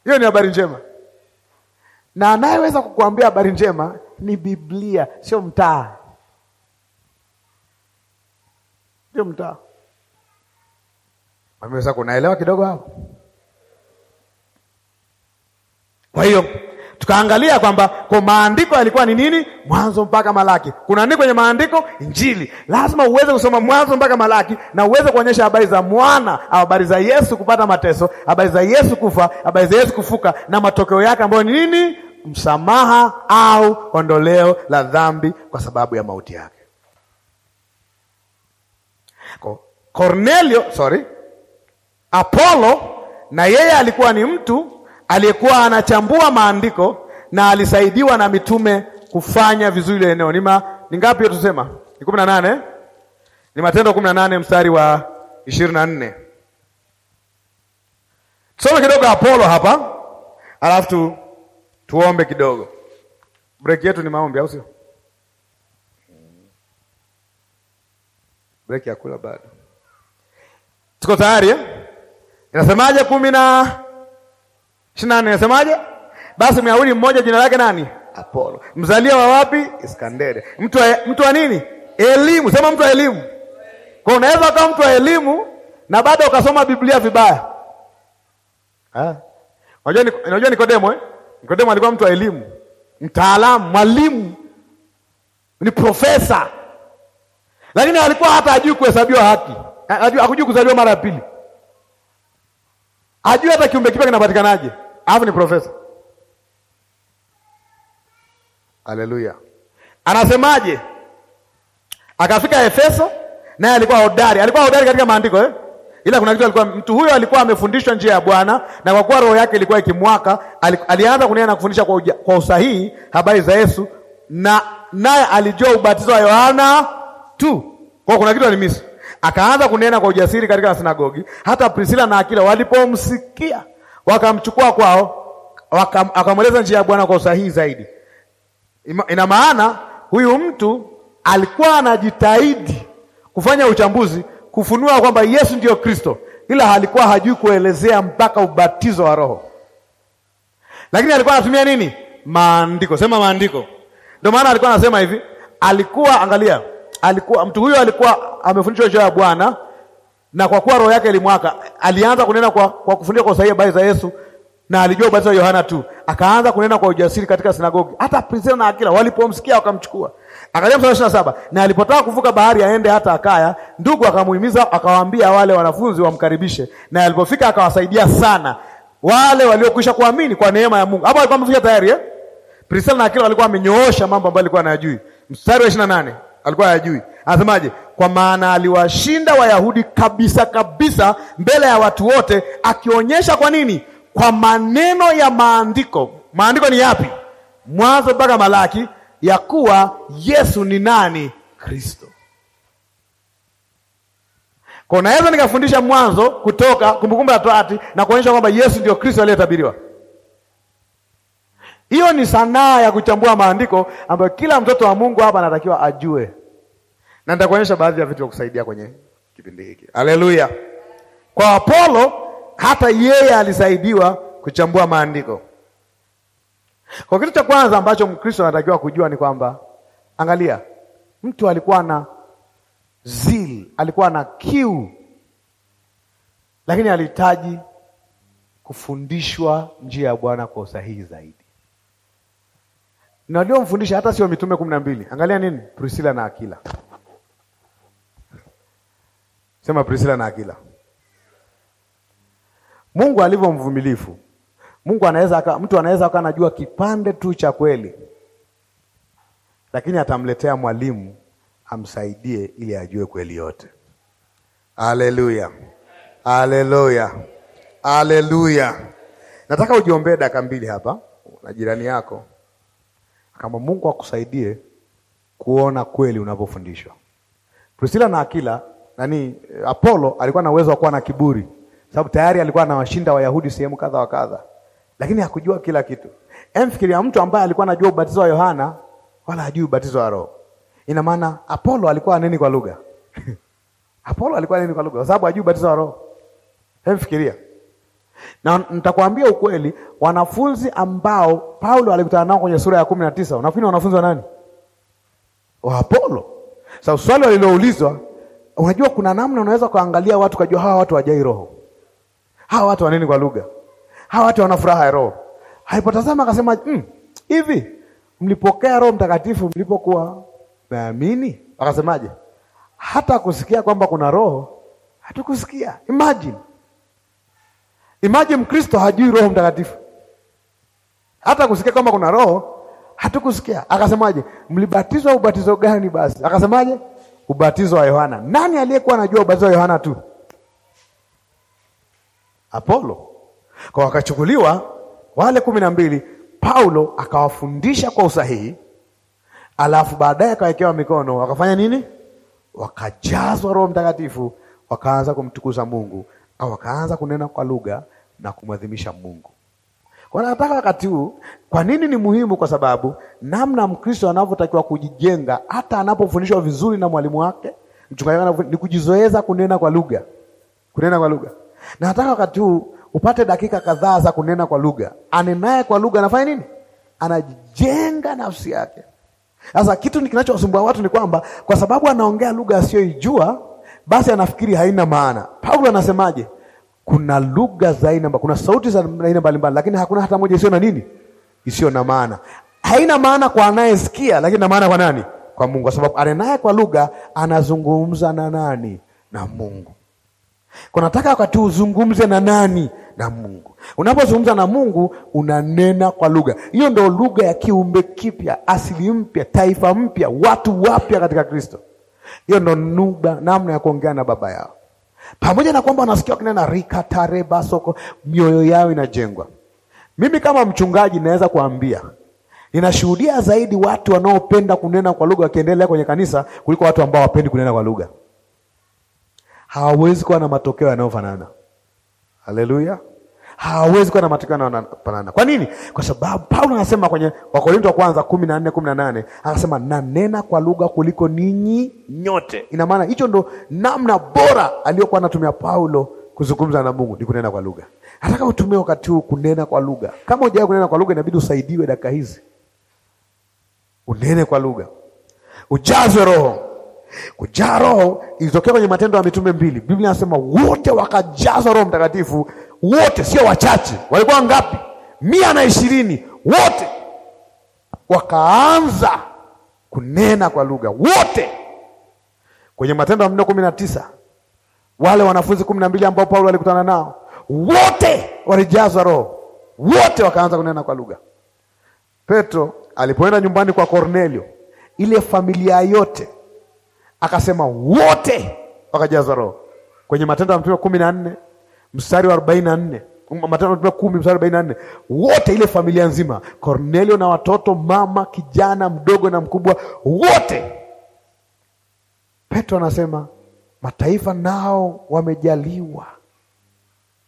Hiyo ni habari njema, na anayeweza kukuambia habari njema ni Biblia, sio mtaa, sio mtaa. Ameweza kunaelewa kidogo hapo, kwa hiyo tukaangalia kwamba kwa maandiko yalikuwa ni nini, Mwanzo mpaka Malaki. Kuna nini kwenye maandiko? Injili. Lazima uweze kusoma Mwanzo mpaka Malaki na uweze kuonyesha habari za mwana, habari za Yesu kupata mateso, habari za Yesu kufa, habari za Yesu kufuka na matokeo yake ambayo ni nini? Msamaha au ondoleo la dhambi kwa sababu ya mauti yake. Cornelio, sorry, Apollo na yeye alikuwa ni mtu aliyekuwa anachambua maandiko na alisaidiwa na mitume kufanya vizuri ile eneo. Nima ni ngapi hiyo tusema? Ni kumi na nane. Ni Matendo kumi na nane mstari wa ishirini na nne. Tusome kidogo Apolo hapa alafu tu, tuombe kidogo. Break yetu ni maombi au sio? Break ya kula bado. Tuko tayari eh? Inasemaje kumi na ishirini na nne nasemaje? Basi Myahudi mmoja jina lake nani? Apolo, mzalia wa wapi? Iskandere, mtu wa, mtu wa nini? Elimu. Sema mtu wa elimu. Kwa unaweza ukawa mtu wa elimu na bado ukasoma Biblia vibaya. Unajua Nikodemo eh? Nikodemo alikuwa mtu wa elimu, mtaalamu, mwalimu, ni profesa, lakini alikuwa hata ajui kuhesabiwa haki, hakujui kuzaliwa mara ya pili, ajui hata kiumbe kipya kinapatikanaje. Alafu ni profesa. Haleluya. Anasemaje? Akafika Efeso naye alikuwa hodari. Alikuwa hodari katika maandiko eh? Ila kuna kitu alikuwa mtu huyo alikuwa amefundishwa njia ya Bwana na kwa kuwa roho yake ilikuwa ikimwaka, alianza kunena na kufundisha kwa, kwa usahihi habari za Yesu na naye alijua ubatizo wa Yohana tu. Kwa kuna kitu alimisi. Akaanza kunena kwa ujasiri katika sinagogi. Hata Priscilla na Akila walipomsikia wakamchukua kwao, wakamweleza njia ya Bwana kwa usahihi zaidi. Ina maana huyu mtu alikuwa anajitahidi kufanya uchambuzi kufunua kwamba Yesu ndiyo Kristo, ila alikuwa hajui kuelezea mpaka ubatizo wa Roho, lakini alikuwa anatumia nini? Maandiko. Sema maandiko. Ndio maana alikuwa anasema hivi, alikuwa angalia, alikuwa mtu huyo alikuwa amefundishwa njia ya Bwana na kwa kuwa roho yake ilimwaka, alianza kunena kwa, kwa kufundisha kwa usahihi habari za Yesu na alijua ubatizo wa Yohana tu, akaanza kunena kwa ujasiri katika sinagogi. Hata Priscilla na Akila walipomsikia wakamchukua. Akaja mstari wa saba, na alipotaka kuvuka bahari aende hata Akaya, ndugu akamuhimiza, akawaambia wale wanafunzi wamkaribishe, na alipofika akawasaidia sana wale waliokwisha kuamini kwa neema ya Mungu. Hapo alikuwa amefika tayari eh? Priscilla na Akila walikuwa wamenyoosha mambo ambayo alikuwa anayajui. Mstari wa 28 alikuwa hayajui, anasemaje? kwa maana aliwashinda Wayahudi kabisa kabisa mbele ya watu wote, akionyesha kwa nini? Kwa maneno ya maandiko. Maandiko ni yapi? Mwanzo mpaka Malaki, ya kuwa Yesu ni nani? Kristo. Kwa naweza nikafundisha Mwanzo, Kutoka, Kumbukumbu la Torati na kuonyesha kwamba Yesu ndio Kristo aliyetabiriwa. Hiyo ni sanaa ya kuchambua maandiko ambayo kila mtoto wa Mungu hapa anatakiwa ajue na nitakuonyesha baadhi ya vitu vya kusaidia kwenye kipindi hiki. Haleluya! Kwa Apolo hata yeye alisaidiwa kuchambua maandiko. Kwa kitu cha kwanza ambacho Mkristo anatakiwa kujua ni kwamba, angalia, mtu alikuwa na zeal, alikuwa na kiu, lakini alihitaji kufundishwa njia ya Bwana kwa usahihi zaidi, na waliomfundisha hata sio mitume kumi na mbili. Angalia nini, Priscilla na Akila. Sema Priscilla na Akila. Mungu alivyo mvumilifu. Mungu anaweza mtu anaweza akawa anajua kipande tu cha kweli, lakini atamletea mwalimu amsaidie ili ajue kweli yote. Haleluya, haleluya, haleluya! Nataka ujiombee dakika mbili hapa na jirani yako, kama Mungu akusaidie kuona kweli unavyofundishwa. Priscilla na Akila nani eh, Apollo alikuwa na uwezo wa kuwa na kiburi, sababu tayari alikuwa anawashinda Wayahudi sehemu kadha wa kadha, lakini hakujua kila kitu. Emfikiria mtu ambaye alikuwa anajua ubatizo wa Yohana wala hajui ubatizo wa Roho. Ina maana Apollo alikuwa nini kwa lugha? Apollo alikuwa nini kwa lugha? Kwa sababu hajui ubatizo wa Roho. Emfikiria na nitakwambia ukweli, wanafunzi ambao Paulo alikutana nao kwenye sura ya kumi na tisa, unafikiri wanafunzi wa nani? Wa Apollo. Sasa swali waliloulizwa Unajua kuna namna unaweza kuangalia watu kujua hawa watu wajai roho, hawa watu wanini kwa lugha, hawa watu wana furaha ya roho. Haipotazama akasema mm, hivi, mm, mlipokea Roho Mtakatifu mlipokuwa naamini? Akasemaje? hata kusikia kwamba kuna roho hatukusikia. Imagine, imagine Mkristo hajui Roho Mtakatifu, hata kusikia kwamba kuna roho hatukusikia. Akasemaje? mlibatizwa ubatizo gani? Basi akasemaje? ubatizo wa Yohana. Nani aliyekuwa anajua ubatizo wa Yohana tu? Apolo. Kwa wakachukuliwa wale kumi na mbili, Paulo akawafundisha kwa usahihi, alafu baadaye akawekewa mikono, wakafanya nini? Wakajazwa Roho Mtakatifu, wakaanza kumtukuza Mungu au wakaanza kunena kwa lugha na kumwadhimisha Mungu. Wanataka wakati huu. Kwa nini ni muhimu? Kwa sababu namna Mkristo anavyotakiwa kujijenga, hata anapofundishwa vizuri na mwalimu wake mchungaji, ni kujizoeza kunena kwa lugha, kunena kwa lugha. nataka wakati huu upate dakika kadhaa za kunena kwa lugha. Anenaye kwa lugha anafanya nini? anajijenga nafsi yake. Sasa kitu kinachowasumbua watu ni kwamba kwa sababu anaongea lugha asiyoijua, basi anafikiri haina maana. Paulo anasemaje? Kuna lugha za aina, kuna sauti za aina mbalimbali, lakini hakuna hata moja isiyo na nini, isiyo na maana. Haina maana kwa anayesikia, lakini na maana kwa nani? Kwa Mungu, kwa sababu anenaye kwa lugha anazungumza na nani? Na Mungu. nataka wakati uzungumze na nani? Na Mungu. Unapozungumza na Mungu unanena kwa lugha. Hiyo ndio lugha ya kiumbe kipya, asili mpya, taifa mpya, watu wapya katika Kristo. Hiyo ndio nuba namna ya kuongea na baba yao pamoja na kwamba wanasikia wakinena rika rikatarebasoko, mioyo yao inajengwa. Mimi kama mchungaji naweza kuambia ninashuhudia zaidi watu wanaopenda kunena kwa lugha wakiendelea kwenye kanisa kuliko watu ambao wapendi kunena kwa lugha. Hawawezi kuwa na matokeo yanayofanana. Haleluya! hawawezi kuwa na matokeo yanayofanana. Kwa nini? Kwa sababu Paulo anasema kwenye Wakorinto wa kwanza kumi na nne kumi na nane anasema nanena kwa lugha kuliko ninyi nyote. Ina maana hicho ndo namna bora aliyokuwa anatumia Paulo kuzungumza na Mungu ni kunena kwa lugha. Hata kama utumie wakati huu kunena kwa lugha, kama hujawahi kunena kwa lugha, inabidi usaidiwe dakika hizi, unene kwa lugha, ujazwe Roho. Kujaa Roho ilitokea kwenye Matendo ya Mitume mbili. Biblia inasema wote wakajazwa Roho Mtakatifu wote, sio wachache. Walikuwa ngapi? mia na ishirini wote wakaanza kunena kwa lugha wote. Kwenye Matendo ya Mitume kumi na tisa wale wanafunzi kumi na mbili ambao Paulo alikutana nao wote walijazwa Roho, wote wakaanza kunena kwa lugha. Petro alipoenda nyumbani kwa Kornelio, ile familia yote akasema wote wakajazwa Roho. Kwenye Matendo ya Mitume kumi na nne mstari wa arobaini na nne Matendo kumi mstari arobaini na nne wote, ile familia nzima, Kornelio na watoto, mama, kijana mdogo na mkubwa, wote. Petro anasema mataifa nao wamejaliwa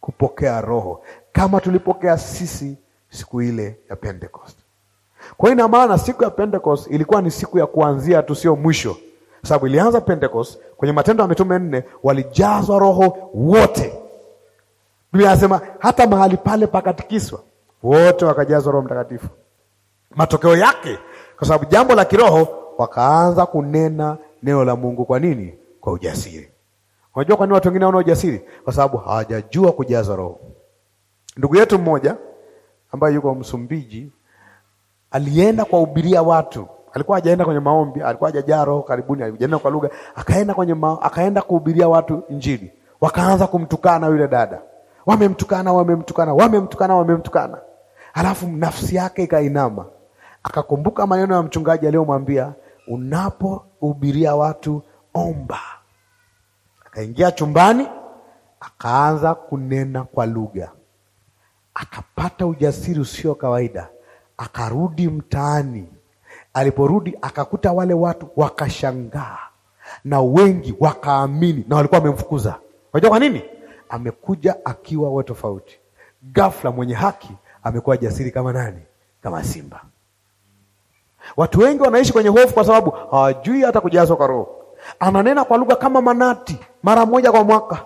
kupokea Roho kama tulipokea sisi siku ile ya Pentecost. Kwa hiyo ina maana siku ya Pentecost ilikuwa ni siku ya kuanzia tu, sio mwisho, sababu ilianza pentekost kwenye Matendo ya Mitume nne, walijazwa Roho wote Biblia inasema hata mahali pale pakatikiswa, wote wakajazwa Roho Mtakatifu. Matokeo yake, kwa sababu jambo la kiroho, wakaanza kunena neno la Mungu. Kwa nini? Kwa ujasiri. Unajua kwa nini watu wengine hawana ujasiri? Kwa sababu hawajajua kujaza Roho. Ndugu yetu mmoja ambaye yuko Msumbiji alienda kuwahubiria watu, alikuwa hajaenda kwenye maombi, alikuwa hajajaa Roho karibuni, alijaenda kwa lugha, akaenda kwenye ma... akaenda kuhubiria watu Injili, wakaanza kumtukana yule dada wamemtukana, wamemtukana, wamemtukana, wamemtukana. Alafu nafsi yake ikainama, akakumbuka maneno ya mchungaji aliyomwambia, unapohubiria watu omba. Akaingia chumbani, akaanza kunena kwa lugha, akapata ujasiri usio kawaida, akarudi mtaani. Aliporudi akakuta wale watu wakashangaa, na wengi wakaamini, na walikuwa wamemfukuza. Unajua kwa nini? amekuja akiwa wa tofauti. Ghafla mwenye haki amekuwa jasiri kama nani? Kama simba. Watu wengi wanaishi kwenye hofu kwa sababu hawajui hata kujazwa kwa Roho. Ananena kwa lugha kama manati mara moja kwa mwaka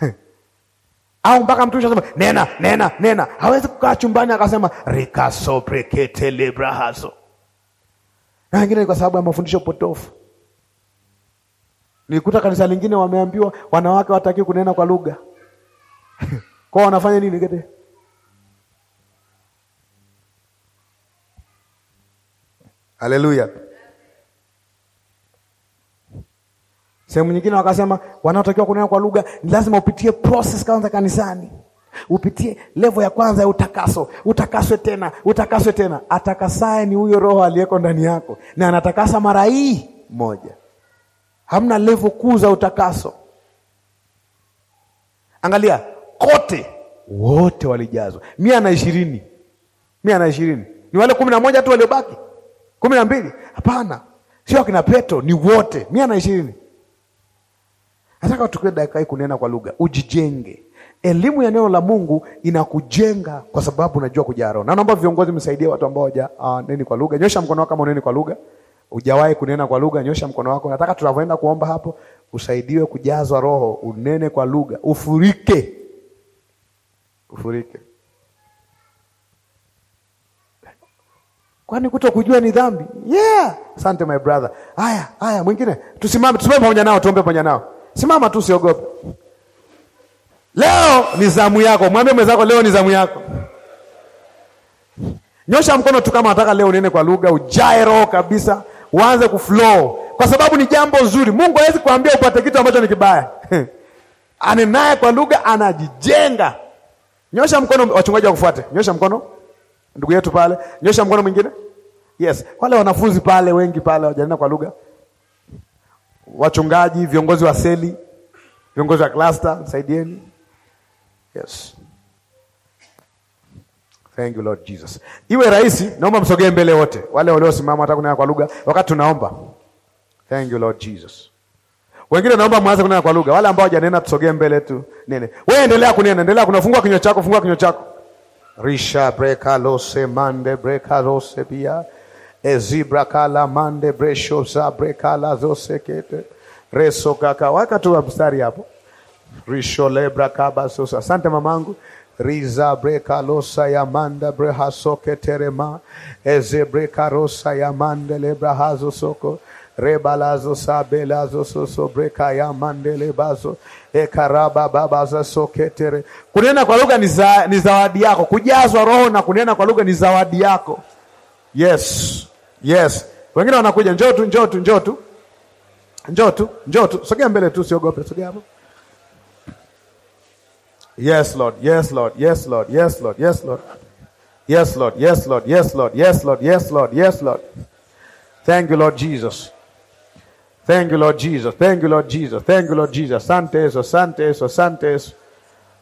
au mpaka mtu shasema nena nena nena, hawezi kukaa chumbani akasema rikaso Na wengine ni kwa sababu ya mafundisho potofu nikuta kanisa lingine wameambiwa wanawake wataki kunena kwa lugha kwa wanafanya nini gete? Haleluya! Sehemu nyingine wakasema wanaotakiwa kunena kwa lugha ni lazima upitie process kwanza kanisani, upitie levo ya kwanza ya utakaso, utakaswe tena, utakaswe tena. Atakasaye ni huyo Roho aliyeko ndani yako, na anatakasa mara hii moja hamna levo kuu za utakaso. Angalia kote, wote walijazwa mia na ishirini mia na ishirini Ni wale kumi na moja tu waliobaki, kumi na mbili Hapana, sio akina Petro, ni wote mia na ishirini Nataka tukue dakika hii kunena kwa lugha, ujijenge. Elimu ya neno la Mungu inakujenga kwa sababu unajua kuja roho. Na naomba viongozi msaidie watu ambao waja uh, ah, neni kwa lugha. Nyosha mkono wako kama uneni kwa lugha. Hujawahi kunena kwa lugha, nyosha mkono wako. Nataka tunavyoenda kuomba hapo, usaidiwe kujazwa Roho, unene kwa lugha, ufurike, ufurike. Kwani kuto kujua ni dhambi? Yeah, asante my brother. Haya, haya, mwingine tusimame, tusimame pamoja nao, tuombe pamoja nao. Simama tu, usiogope. Leo ni zamu yako, mwambie mwenzako, leo ni zamu yako. Nyosha mkono tu kama nataka leo unene kwa lugha, ujae roho kabisa uanze kuflow, kwa sababu ni jambo zuri. Mungu hawezi kuambia upate kitu ambacho ni kibaya anenaye kwa lugha anajijenga. Nyosha mkono, wachungaji wakufuate. Nyosha mkono, ndugu yetu pale. Nyosha mkono mwingine. Yes, wale wanafunzi pale wengi pale wajanena kwa lugha, wachungaji, viongozi wa seli, viongozi wa klasta, saidieni. Yes. Thank you Lord Jesus. Iwe rahisi, naomba msogee mbele wote, wale waliosimama hata kunena kwa lugha wakati tunaomba. Thank you Lord Jesus. Wengine naomba mwanze kunena kwa lugha, wale ambao hawajanena tusogee mbele tu. Nene. Wewe endelea kunena, endelea kuna, kunafungua kinywa chako, fungua kinywa chako. Risha breka lose mande breka lose pia. Ezibra kala mande bresho za breka la zose kete. Reso kaka, waka tu mstari hapo. Risho lebra kaba sosa. Asante mamangu riza breka losa ya manda breha soke terema eze breka rosa ya mandele brahazo soko rebalazo sabelazo soso breka ya le bazo ekaraba babaza soketere. Kunena kwa lugha ni zawadi yako, kujazwa roho na kunena kwa lugha ni zawadi yako. Yes, yes. Wengine wanakuja njoo tu, njoo tu, njoo tu, njoo tu, njoo tu, sogea mbele tu, siogope, sogea hapo Yes, Lord. Yes, Lord. Yes, Lord. Yes, Lord. Yes, Lord. Yes, Lord. Yes, Lord. Yes, Lord. Yes, Lord. Yes, Lord. Yes, Lord. Thank you, Lord Jesus. Thank you, Lord Jesus. Thank you, Lord Jesus. Thank you, Lord Jesus. Santes, santes, santes,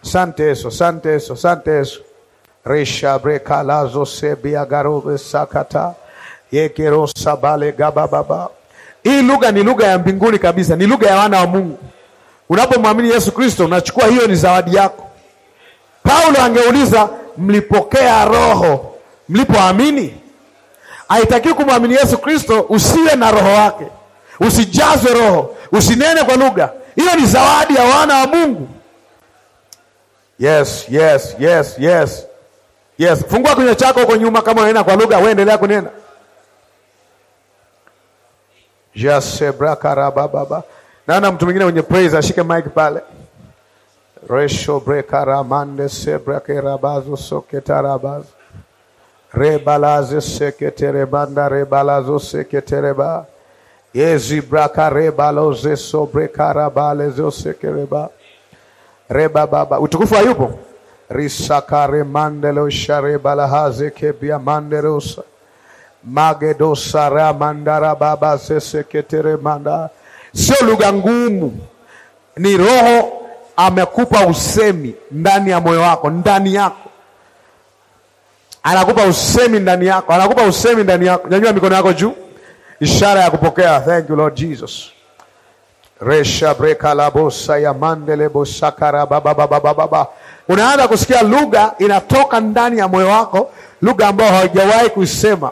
santes, santes, santes. Resha breka lazo sebia garobe sakata. Yekero sabale gabababa. Hii lugha ni lugha ya mbinguni kabisa, ni lugha ya wana wa Mungu. Unapomwamini Yesu Kristo, unachukua hiyo ni zawadi yako. Paulo angeuliza mlipokea roho mlipoamini? Haitakiwi kumwamini Yesu Kristo usiwe na roho wake, usijazwe roho, usinene kwa lugha. Hiyo ni zawadi ya wana wa Mungu. Yes, yes, yes, yes, yes. Fungua kinywa chako huko nyuma, kama unaenda kwa lugha, uendelea kunena jasebrakara bababa. Naona mtu mwingine mwenye praise ashike mic pale resho brekaramande sebrakerabazo soketarabazo rebalaze seketerebanda rebalazo seketereba yezi braka rebaloze sobrekarabalezo sekereba rebababa utukufu hayupo risakaremandelosharebalahaze kebiamanderosa magedosaramandarababa seseketeremanda sio lugha ngumu ni roho amekupa usemi ndani ya moyo wako, ndani yako anakupa usemi ndani yako, anakupa usemi ndani yako. Nyanyua mikono yako juu, ishara ya kupokea. Thank you Lord Jesus. resha breka la bosa ya mandele bosakara baba baba Unaanza kusikia lugha inatoka ndani ya moyo wako, lugha ambayo haujawahi kuisema,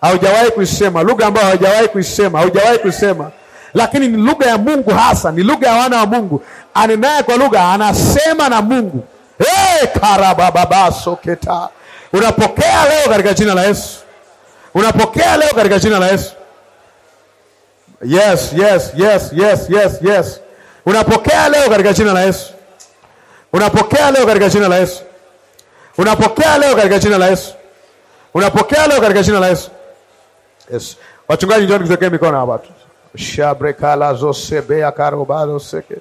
haujawahi kuisema, lugha ambayo haujawahi kuisema, haujawahi kuisema, lakini ni lugha ya Mungu, hasa ni lugha ya wana wa Mungu, anenaye kwa lugha anasema na Mungu. Hey, eh, soketa, unapokea leo katika jina la Yesu, unapokea leo katika jina la Yesu. Yes, yes, yes, yes, yes, yes. Unapokea leo katika jina la Yesu. Unapokea leo katika jina la Yesu. Unapokea leo katika jina la Yesu. Unapokea leo katika jina la Yesu. Yes. Wachungaji, njoo nikutokee mikono hapa tu. Shabrekala zosebea karobado seke.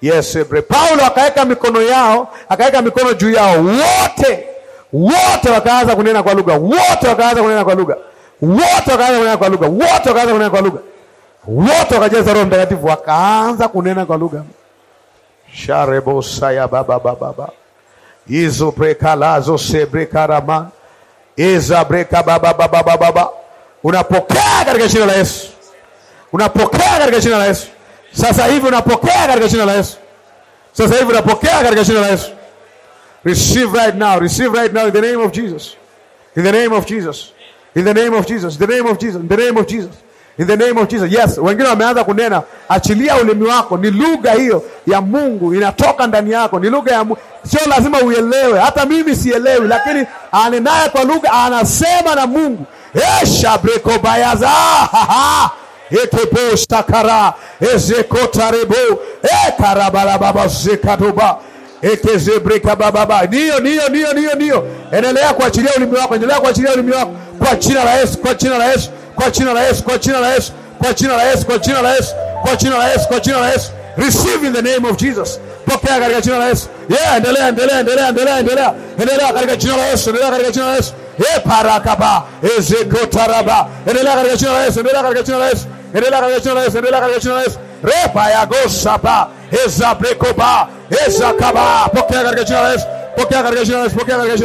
Yes, Hebre. Paulo akaweka mikono yao, akaweka mikono juu yao wote, wote wakaanza kunena kwa lugha, wote wakaanza kunena kwa lugha, wote wakaanza kunena kwa lugha, wote wakaanza kunena kwa lugha, wote wakajaza Roho Mtakatifu, wakaanza kunena kwa lugha. sharebosa ya baba baba baba izo brekalazo sebrekarama iza breka baba baba baba baba. Unapokea katika jina la Yesu, unapokea katika jina la Yesu. Sasa hivi unapokea katika jina la Yesu. Sasa hivi unapokea katika jina la Yesu. Receive right now. Receive right now in the name of Jesus. In the name of Jesus. In the name of Jesus. In the name of Jesus. In the name of Jesus. In the name of Jesus. Yes, wengine wameanza kunena, achilia ulimi wako, ni lugha hiyo ya Mungu inatoka ndani yako, ni lugha ya Mungu. Sio lazima uelewe, hata mimi sielewi, lakini anenaye kwa lugha anasema na Mungu. Esha eh, breko bayaza. Etebo Sakara, Ezecotarebo, Etarabarababa Zekadoba, Etezebreka Bababa. Ndio, ndio, ndio, ndio, ndio. Endelea kuachilia ulimi wako, endelea kuachilia ulimi wako kwa jina la Yesu, kwa jina la Yesu, kwa jina la Yesu, kwa jina la Yesu, kwa jina la Yesu, kwa jina la Yesu, kwa jina la Yesu, kwa jina la Yesu. Receive in the name of Jesus. Pokea katika jina la Yesu. Yeah, endelea, endelea, endelea, endelea, endelea. Endelea katika jina la Yesu, endelea katika jina la Yesu. E parakaba, ezekotaraba. Endelea katika jina la Yesu, endelea katika jina la Yesu. Qualquer gargantina nesse, qualquer gargantina nesse, qualquer porque nesse, qualquer gargantina nesse, qualquer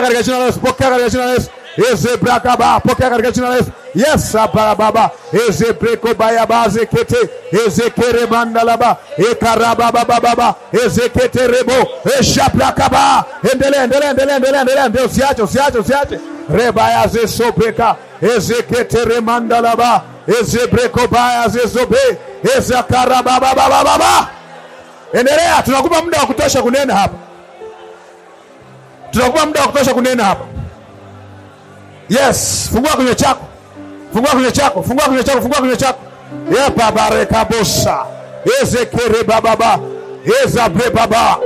porque nesse, qualquer gargantina nesse, Ezebra acabar, qualquer gargantina nesse, e essa barababa, Ezebreco baiaba, Ezequete, Ezequere mandalaba, Ecarababababa, Ezequete rebo, Exapracabá, Endele, Endele, Endele, Endele, Endele, Deus se ate, se ate, se ate, Rebaiaze sopeca, ezeketeremandalaba ezebrekobaya ezakarabababababa. Endelea, tunakupa muda wa kutosha kunena hapa, tunakupa muda wa kutosha kunena hapa. Yes, fungua kinywa chako, fungua kinywa chako, fungua kinywa chako, fungua kinywa chako. Ebabarekabosa ezekerebababa baba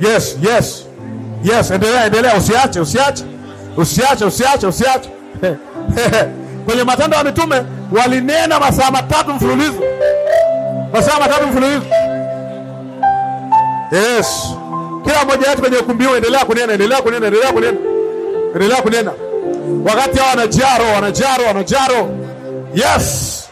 Yes, yes. Yes, endelea endelea, usiache usiache usiache usiache usiache. Kwenye Matendo ya Mitume walinena masaa matatu mfululizo, masaa matatu mfululizo. Yes, kila mmoja wetu kwenye ukumbi huu endelea kunena, endelea kunena, endelea kunena, endelea kunena, wakati hao wanajaro wanajaro wanajaro. Yes.